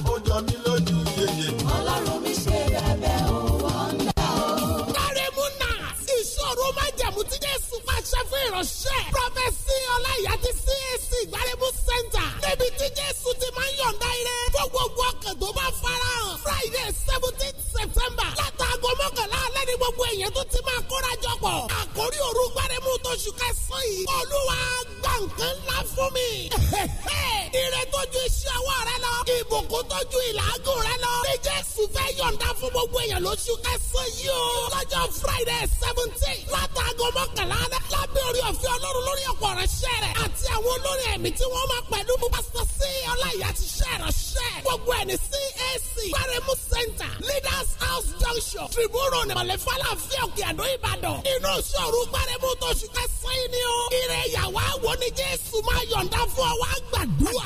ìránṣẹ́. Prọfẹ̀sì Ọláìyá ti CAC Ìgbáremú Center. Níbi tí Jésù ti máa ń yọ̀ǹda ire. Fún gbogbo ọkàn tó bá farahàn. Friday seventeen September. Látàgọ́ mọ́kànlá gbogbo èèyàn tó ti máa kóra pọ̀. àkórí òru gbáremú tóṣù kẹsàn-án yìí. olúwa gbà nǹkan ńlá fún mi. ire tójú iṣẹ́ ọwọ́ rẹ lọ. ìbùkún tójú ìlàágùn rẹ lọ. ní jésù fẹ́ yọ̀ǹda fún gbogbo èèyàn lóṣù kẹsàn-án yìí o. lọ́jọ́ friday seventeen látàgọ́ mọ́kànlá lábẹ́ orí ọ̀fẹ́ ọlọ́run lórí ọ̀pọ̀ ránṣẹ́ rẹ̀. àti àwọn olórin ẹ̀mí tí wọ́n máa pẹ̀lú pásítọ̀ sí ọláyà ti ṣẹ́ ránṣẹ́. gbogbo ẹ̀ cac gbáremú center leaders house junction tribune ọ̀nà mọ̀lẹ́fà lálàáfíà òkè àdó ìbàdàn inú sọ̀rọ̀ gbárẹ́mú tó ṣù ká sẹ́yìn ni o. ìrẹ̀yàwó àwọn ni jésù máa yọ̀ǹda fún ọ wá gbàdúrà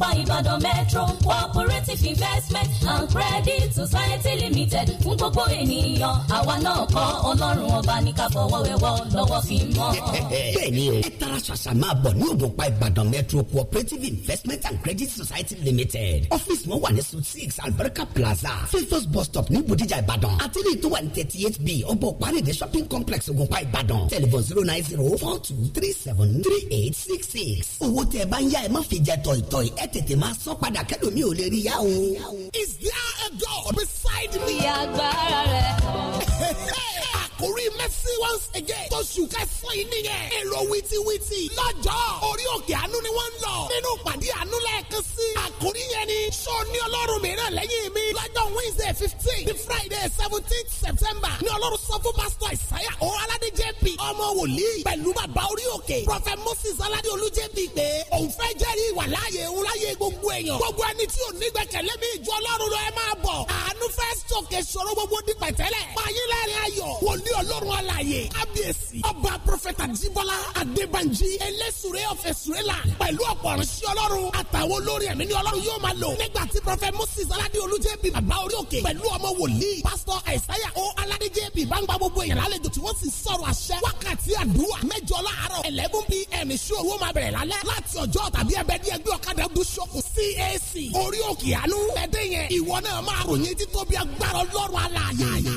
nípa Ìbàdàn Metro Cooperative Investment and Credit Society Limited fún gbogbo ènìyàn àwa náà kọ́ Ọlọ́run ọba ní ká fọwọ́ wẹwọ́ lọ́wọ́ fi mọ́. bẹ́ẹ̀ni o ẹ tara ṣàṣà máa bọ̀ ní ògùnpá Ìbàdàn Metro Cooperative Investment and Credit Society Limited ọ́fíìsì wọn wà ní suite six Alberca Plaza fifth bus stop ní Bódìjà Ìbàdàn àti ní ìtọ́wà ní thirty eight b ọgbọ́ paríde shopping complex ògùnpá Ìbàdàn telephone zero nine zero four two three seven three eight six six owó tẹ ẹ bá ń yá ẹ má fi jẹ tọ̀ ìtọ̀ ẹ tètè máa sọ padà kẹ́lòmí ò lè rí yá Is there a God beside me? ìyá agbára rẹ̀ àkórí mercy once again tóṣù kẹsàn-án yìí nìyẹn èrò wìtìwìtì lọ́jọ́ orí òkè àánú ni wọ́n ń lọ nínú ìpàdé àánú lẹ́ẹ̀kan sí àkórí yẹn ni sọ ní ọlọ́run mìíràn lẹ́yìn mi lọ́jọ́ wednesday fifteen the friday seventeen september ní ọlọ́run sọ fún pastor isaiah o aládé jp ọmọ wòlíì pẹ̀lú bàbá orí òkè prophet moses aládé olú jp pé òun fẹ́ jẹ́rìí ìwà láàyè òun láàyè gbogbo èèyàn gbogbo ẹni tí ò ní gbẹ́kẹ̀lé mi fẹ́ sọ̀kè sọ̀rọ̀ gbogbo ní pẹ̀tẹ́lẹ̀. Báyìí lẹ́rìn ayọ̀ wòlíì ọlọ́run alàyè kábíyèsí. Ọba pírọfẹ̀tà Jíbọ́lá Adébánjí Elésùré ọ̀fẹ́ Sùrẹ́là pẹ̀lú ọ̀pọ̀ ọ̀rìnṣẹ́ ọlọ́run àtàwọn olórí ẹ̀mí ni ọlọ́run yóò máa lò. Nígbà tí pírọfẹ̀ Moses Aládé Olújẹ́bi bàbá orí òkè pẹ̀lú ọmọ wòlíì pásítọ̀ Àìsáyà ó Aládé JB bá ń gba gbogbo èèyàn lálejò tí wọ́n sì sọ̀rọ̀ àṣẹ. Wákàtí àdúrà mẹ́jọ láàárọ̀ eleven pm ìṣòro ó máa bẹ̀rẹ̀ lálẹ́ láti ọjọ́ tàbí ẹbẹ̀ ní ẹgbẹ́ ọ̀kadà gbúṣọ́kù CAC orí òkè àánú ẹ̀dẹ́yẹn ìwọ náà máa ròyìn títọ́ tóbi agbára ọlọ́run aláàyè.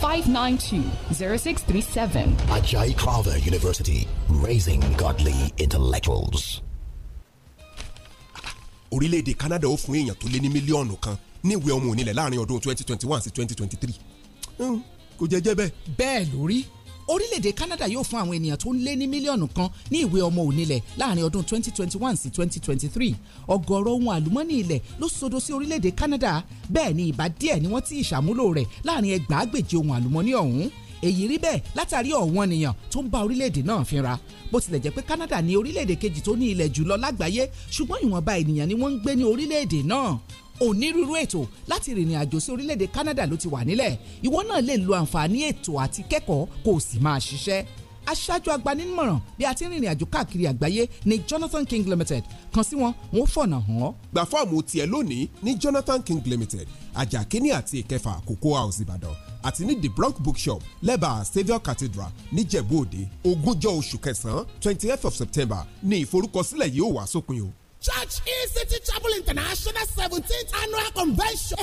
592-0637. Ajay Crowther University, raising godly intellectuals. Orílẹ̀-èdè Canada ó fún èèyàn tó lé ní mílíọ̀nù kan ní ìwé ọmọ onílẹ̀ láàrin ọdún 2021 sí 2023. Hmm, kò jẹ́ jẹ́ bẹ́ẹ̀. bẹ́ẹ̀ lórí orílẹ̀-èdè Canada yóò fún àwọn ènìyàn tó ń lé ní mílíọ̀nù kan ní ìwé ọmọ onílẹ̀ láàrin ọdún 2021 sí 2023 ọ̀gọ̀ọ̀rọ̀ ohun àlùmọ́nì ilẹ̀ ló sodo sí orílẹ̀-èdè Canada bẹ́ẹ̀ ni ìbá díẹ̀ ni wọ́n ti ìṣàmúlò rẹ̀ láàrin ẹgbàágbèje ohun àlùmọ́nì ọ̀hún èyí rí bẹ́ẹ̀ látàrí ọ̀wọ́n ènìyàn tó ń bá orílẹ̀-èdè náà fínra bó tilẹ̀ jẹ́ pé Canada ni orílẹ̀-èdè kejì tó ní ilẹ̀ jùlọ lágbàáyé ṣùgbọ́n ìwọ̀nba ènìyàn ni wọ́n ń gbé ní orílẹ̀-èdè náà onírúurú ètò láti rìnrìn àjò sí orílẹ̀-èdè Canada ló ti wà nílẹ̀ ìwọ náà lè lo àǹfààní ètò àti kẹ́kọ̀ọ́ kó o sì máa ṣiṣẹ́ aṣáájú agbanímọ̀ràn bí a ti ń rìnrìn àjò káàkiri àgbáyé ní Jonathan King Limited kan sí wọn wọn ó fọ̀nà hàn án. gba fọ́ọ̀mù tiẹ̀ lónìí ní Jonathan King Limited àjà kínní àti ìkẹfà Cocoa House Ìbàdàn àti ní the Bronx Bookshop lẹ́bàá Saviour Cathedral níjẹ̀bú òde ogúnjọ́ oṣù kẹsàn-án twenty eight of September ni ìforúkọsílẹ̀ yìí ó wà sópin o. Church East City Chapel International seventeenth annual convention.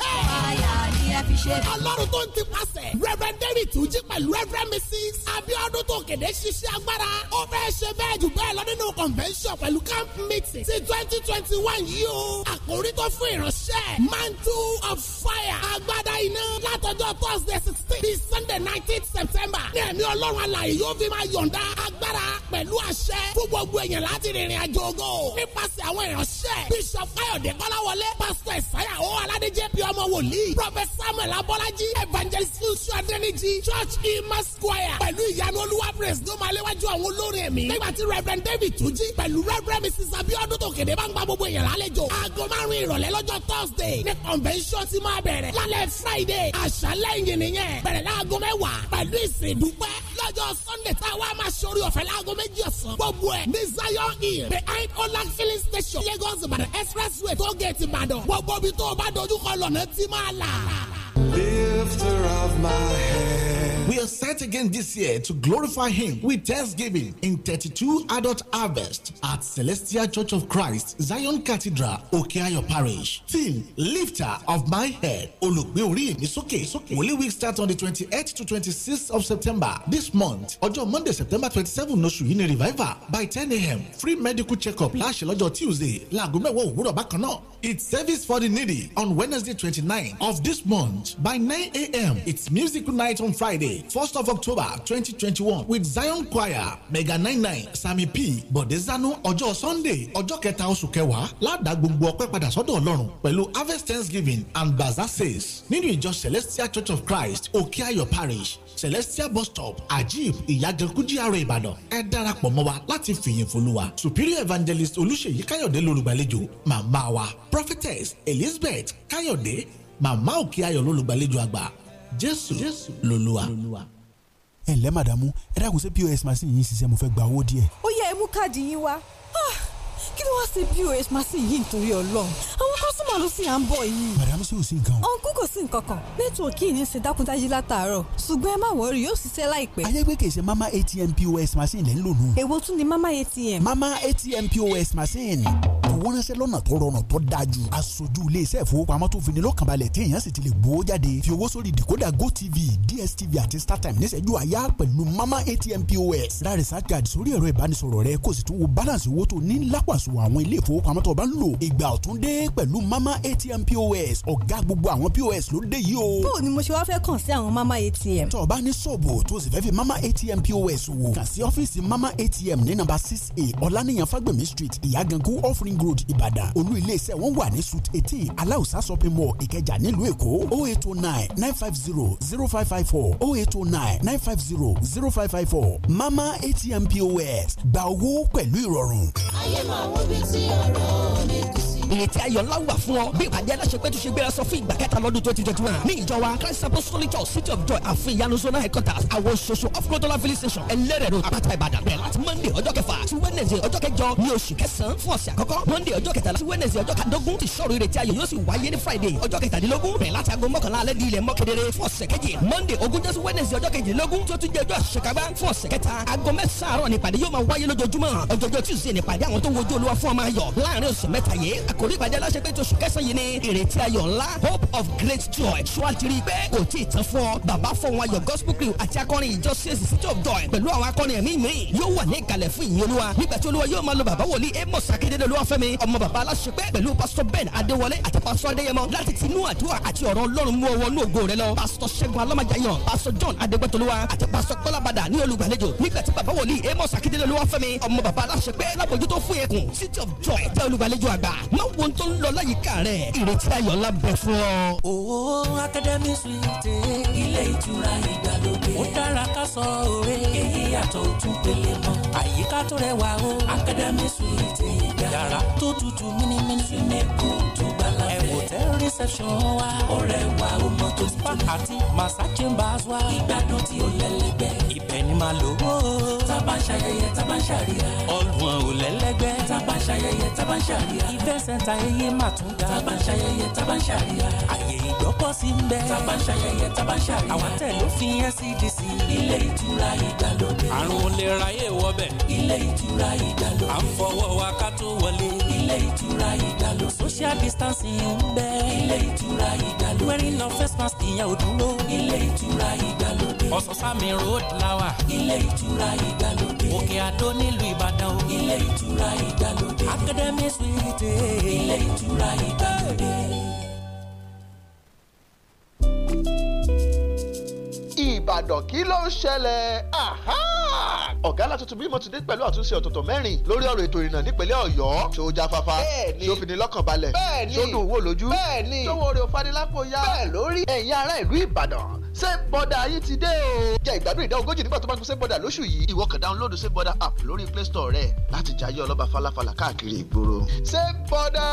Fáyà ni ẹ fi ṣe. Ọlọ́run tó ń tipasẹ̀. Reverend David Tuji pẹ̀lú Reverend Mrs. Abiodun tó kéde ṣiṣẹ́ agbára. Ó fẹ́ ṣe bẹ́ẹ̀ jù bẹ́ẹ̀ lọ nínú convention pẹ̀lú camp meeting ti twenty twenty one yìí o. Àkòrí tó fún ìránṣẹ́ mantle of fire. Agbada iná látọjọ́ Thursday sixteen bíi Sunday nineteen September. Ní ẹ̀mí Ọlọ́run alàyè yóò fi máa yọ̀ǹda agbára pẹ̀lú àṣẹ fún gbogbo èèyàn láti rìnrìn àjò ògo nípasẹ̀ àwọn ìránṣẹ́ bishop káyọ̀dé kọ́láwọlé pastor ìsáyà ó aládéjé bí ọmọ wòlíì prophet samuel abọ́lájí evangelist lucio adeniji church emma square pẹ̀lú ìyanu olúwa praise ló máa léwájú àwọn olórin ẹ̀mí nígbà tí reverend david tuji pẹ̀lú reverend mrs abiodun tòkèdè bá ń gba gbogbo èèyàn lálejò aago márùn ìrọ̀lẹ́ lọ́jọ́ thursday ní convention ti máa bẹ̀rẹ̀ lálẹ́ friday àṣálẹ́ ìyìn nìyẹn bẹ̀rẹ̀ láago mẹ́wàá pẹ̀lú ìsìn ìdúpẹ́ lọ́jọ́ sunday tá a wá máa ṣorí ọ̀fẹ́ láago méjì ọ̀sán gbogbo ẹ̀ ní zion hill behind oland filling station lagos ìbàdàn expressway tó gẹ̀ẹ́tì ìbàdàn gbogbo ibi tó o bá dojú kọ lọ́nà tí máa là. lifter of my head. We are set again this year to glorify Him with thanksgiving in 32 Adult Harvest at Celestial Church of Christ, Zion Cathedral, Okeayo Parish. Theme: Lifter of My Head. Oh look, It's okay. It's okay. Holy week starts on the 28th to 26th of September this month. Ọjọ́ Monday September 27 oṣù in a revival by 10 a.m. Free medical checkup. up láṣẹ lọ́jọ́ Tuesday láago mẹ́wàá òwúrọ̀ bákan It's service for the needy on Wednesday 29 of this month by 9 a.m. It's musical night on Friday. Monday, 1st of October 2021 with Zion Choir, Mega 99, Sami P, Bọ̀dẹ́sánú Ojo Sunday ọjọ́ kẹta oṣù kẹwàá ládàá gbogbo ọpẹ́ padà sọ́dọ̀ Ọlọ́run pẹ̀lú harvest thanksgiving and bazaar sales nínú ìjọ Celestial Church of Christ Òkè Ayọ̀ Parish Celestial Bus Stop Ajib Ìyájẹkú GRA Ìbàdàn ẹ darapọ̀ mọ́ wa Superior Evangelist Olúṣèyí Káyọ̀dé lolùgbàlejò màmá wa Prophetess Elizabeth Káyọ̀dé màmá òkè ayọ̀ lólùgbàlejò àgbà jésù lolúwa. ẹ ǹlẹ́ màdàmú ẹ dákun ṣé pos machine yìí ń ṣiṣẹ́ mo fẹ́ gba owó díẹ̀. ó yẹ ẹ mú káàdì yín wá ah, kí ló wá ṣe pos machine yìí nítorí ọlọ́run àwọn kọ́sọ́mà ló sì à ń bọ̀ yìí. màdàmú sì ò sí nǹkan o. ọ̀nkú kò sí nǹkan kan nẹ́tíwọ̀kì yìí ń ṣe dákúndájí látàárọ̀ ṣùgbọ́n ẹ má wọrí yóò ṣiṣẹ́ láìpẹ́. ayégbé kì í ṣe mama atm pos machine lẹ́ ń lò nù. èwo tún ni mama atm. mama atm pos machine fowó ránṣẹ́ lọ́nà tó rọrùn tó dájú. aṣojú iléeṣẹ́ ìfowópamọ́ tó fini lọ́kànbalẹ̀ tí èèyàn sì ti lè gbowó jáde fi owó sórí decoder gotv dstv àti startime níṣẹ́jú àyà pẹ̀lú mama atm pos. ra research card sórí ẹ̀rọ ìbánisọ̀rọ̀ rẹ kó sì tún wo balance owó tó ní lápàṣọ àwọn ilé ìfowópamọ́ tó bá ń lò. ìgbà ọ̀tún dé pẹ̀lú mama atm pos ọ̀gá gbogbo àwọn pos ló dé yìí o. bó o ni mo ṣe wá fẹ́ kàn sí àwọn mama atm. tó o bá ní ṣọ́ọ̀bù tó o sì fẹ́ fi mama atm pos wò kàn sí ọ́fíìsì mama atm ní nàmbà six a ọ̀lànìyàn fagbemi street ìyàgànkù offering group road ìbàdàn olú iléeṣẹ́ wọn wà ní suit eighteen aláùsá shopping mall ìkẹjà nílùú èkó oh eight oh nine nine five zero zero five five four oh eight oh nine nine five zero zero five five four mama atm pos gba owó pẹ̀lú ìrọ̀rùn. ayé máa wọ́n bí tí ọ̀rọ̀ mi kù ìrètí ayọ̀ ńlá wà fún ọ bí ìpàdé aláṣepẹ́ tó ṣe gbéra sọ fún ìgbà kẹta lọ́dún twenty twenty one ní ìjọ wa Christ apostolic church city of joy àfin ìyanu zona headquarters àwọn ṣoṣo off road dollar filling station ẹlẹ́rẹ̀ road àpáta ìbàdàn bẹ̀rẹ̀ láti monday ọjọ́ kẹfà sí wednesday ọjọ́ kẹjọ ní oṣù kẹsàn-án fún ọ̀sẹ̀ àkọ́kọ́ monday ọjọ́ kẹtàlá sí wednesday ọjọ́ kadógún ti sọ̀rọ̀ ìrètí ayọ̀ yóò sì wáyé ní friday ọjọ́ kẹtàdínlógún bẹ̀rẹ̀ láti aago mọ́kànlá alẹ́ di ilẹ̀ mọ́kedere fún ọ̀sẹ̀ kejì monday ogúnjọ́ sí wednesday ọjọ́ kejìlélógún tó tún jẹ́ ọjọ́ àṣekágbá fún ọ̀sẹ̀ kẹta aago mẹ́sàn-án àárọ̀ nípàdé yóò máa wáyé lójoojúmọ́ ọjọ́jọ́ tuesday nípàdé àwọn tó wojú olúwa fún ọmọ ayọ̀ láàrin ọ̀sẹ̀ mẹ́ta yìí àkórí ìpàdé aláṣẹpẹ́ tó ṣùkẹ́sàn yìí ni ìrètí ayọ̀ ńlá hope of great joy ṣùwàtìrí pé kò tí ì tán fún ọ bàbá fọwọn ayọ̀ gospel crew àti akọrin ìjọ csc city of joy pẹ̀lú àwọn akọrin ẹ̀mí mi yóò wà ní ìkàlẹ̀ fún ìyìn olúwa nígbà tí olúwa yóò máa lo bàbá wòlíì amos akíndélé olúwafẹ́mi ọmọ bàbá aláṣẹpẹ́ pẹ̀lú pastor ben adéwọlé àti pastor adéyẹmọ láti tinú àdúrà àti ọ̀rọ̀ ọlọ́run mú ọwọ́ ní ògo rẹ lọ pastor ṣẹ́gun alámájayàn pastor john adégbẹ́tolúwa àti pastor kọ́lábàdà ní olùgbàlejò nígbà tí bàbá wòlíì amos akíndélé olúwafẹ́mi ọmọ bàbá aláṣẹpẹ́ lábòjútó fún ẹkùn city of joy tẹ olùgbàlejò àgbà wo tó ń lọ láyìíká rẹ̀ ìrètí ayọ̀ ńlá bẹ fún ọ. owó akademi suwite ilé ìtura ìgbàlódé ó dára ká sọ òwe èyí yàtọ̀ òtún pélé mọ́ àyíká tó rẹwà o akademi suwite yàrá tó tutù mímímí sinimu tó gbala fẹ́ ẹ̀wòtẹ́ rìsẹ̀pṣọ̀n wa ó rẹwà ó mọ́ tó ti àti massage chambers ìgbádùn tí ó lẹ́lẹ́gbẹ́ àǹfààní máa lò ó. tábà ń ṣayẹyẹ tábà ń ṣàríyá. ọlùwọ̀n ò lẹ́lẹ́gbẹ́. tábà ń ṣayẹyẹ tábà ń ṣàríyá. event center eye máa tún ga. tábà ń ṣayẹyẹ tábà ń ṣàríyá. àyè ìgbọ́kọ̀sí ń bẹ. tábà ń ṣayẹyẹ tábà ń ṣàríyá. àwọn tẹ̀ ló fi NCDC. E ilé ìtura ìgbàlódé. àrùn olè ráyè wọbẹ̀. ilé ìtura ìgbàlódé. à ń fọwọ́ wa ká tó wọlé ilé ìtura ìdàlódé. social distancing ń bẹ. ilé ìtura ìdàlódé. wearing no face mask ìyẹn ò dúró. ilé ìtura ìdàlódé. ọ̀sán-sámi road lawa. ilé ìtura ìdàlódé. òkè àdó nílùú ìbàdàn o. ilé ìtura ìdàlódé. academy suite. ilé ìtura ìdàlódé. thank you ìbàdàn kí ló ń ṣẹlẹ̀ ọ̀gá alátuntun bímọ ti dé pẹ̀lú àtúnṣe ọ̀tọ̀tọ̀ mẹ́rin lórí ọ̀rọ̀ ètò ìrìnnà nípínlẹ̀ ọ̀yọ́ ṣé ó jáfáfá ṣé ó fi ni lọ́kàn balẹ̀ ṣé ó dùn wò lójú ṣé owó orí òfanilápò ya bẹ́ẹ̀ lórí ẹ̀yin ará ìlú ìbàdàn ṣé bọ́dà yìí ti dé o. jẹ́ ìgbádùn ìdá ogójì nígbà tó bá ń gbé ṣé bọ́dà lóṣù yìí ìwọ kàn dáńlódù ṣé bọ́dà app lórí play store rẹ láti jayé ọlọ́ba falafala káàkiri ìgboro. ṣé bọ́dà.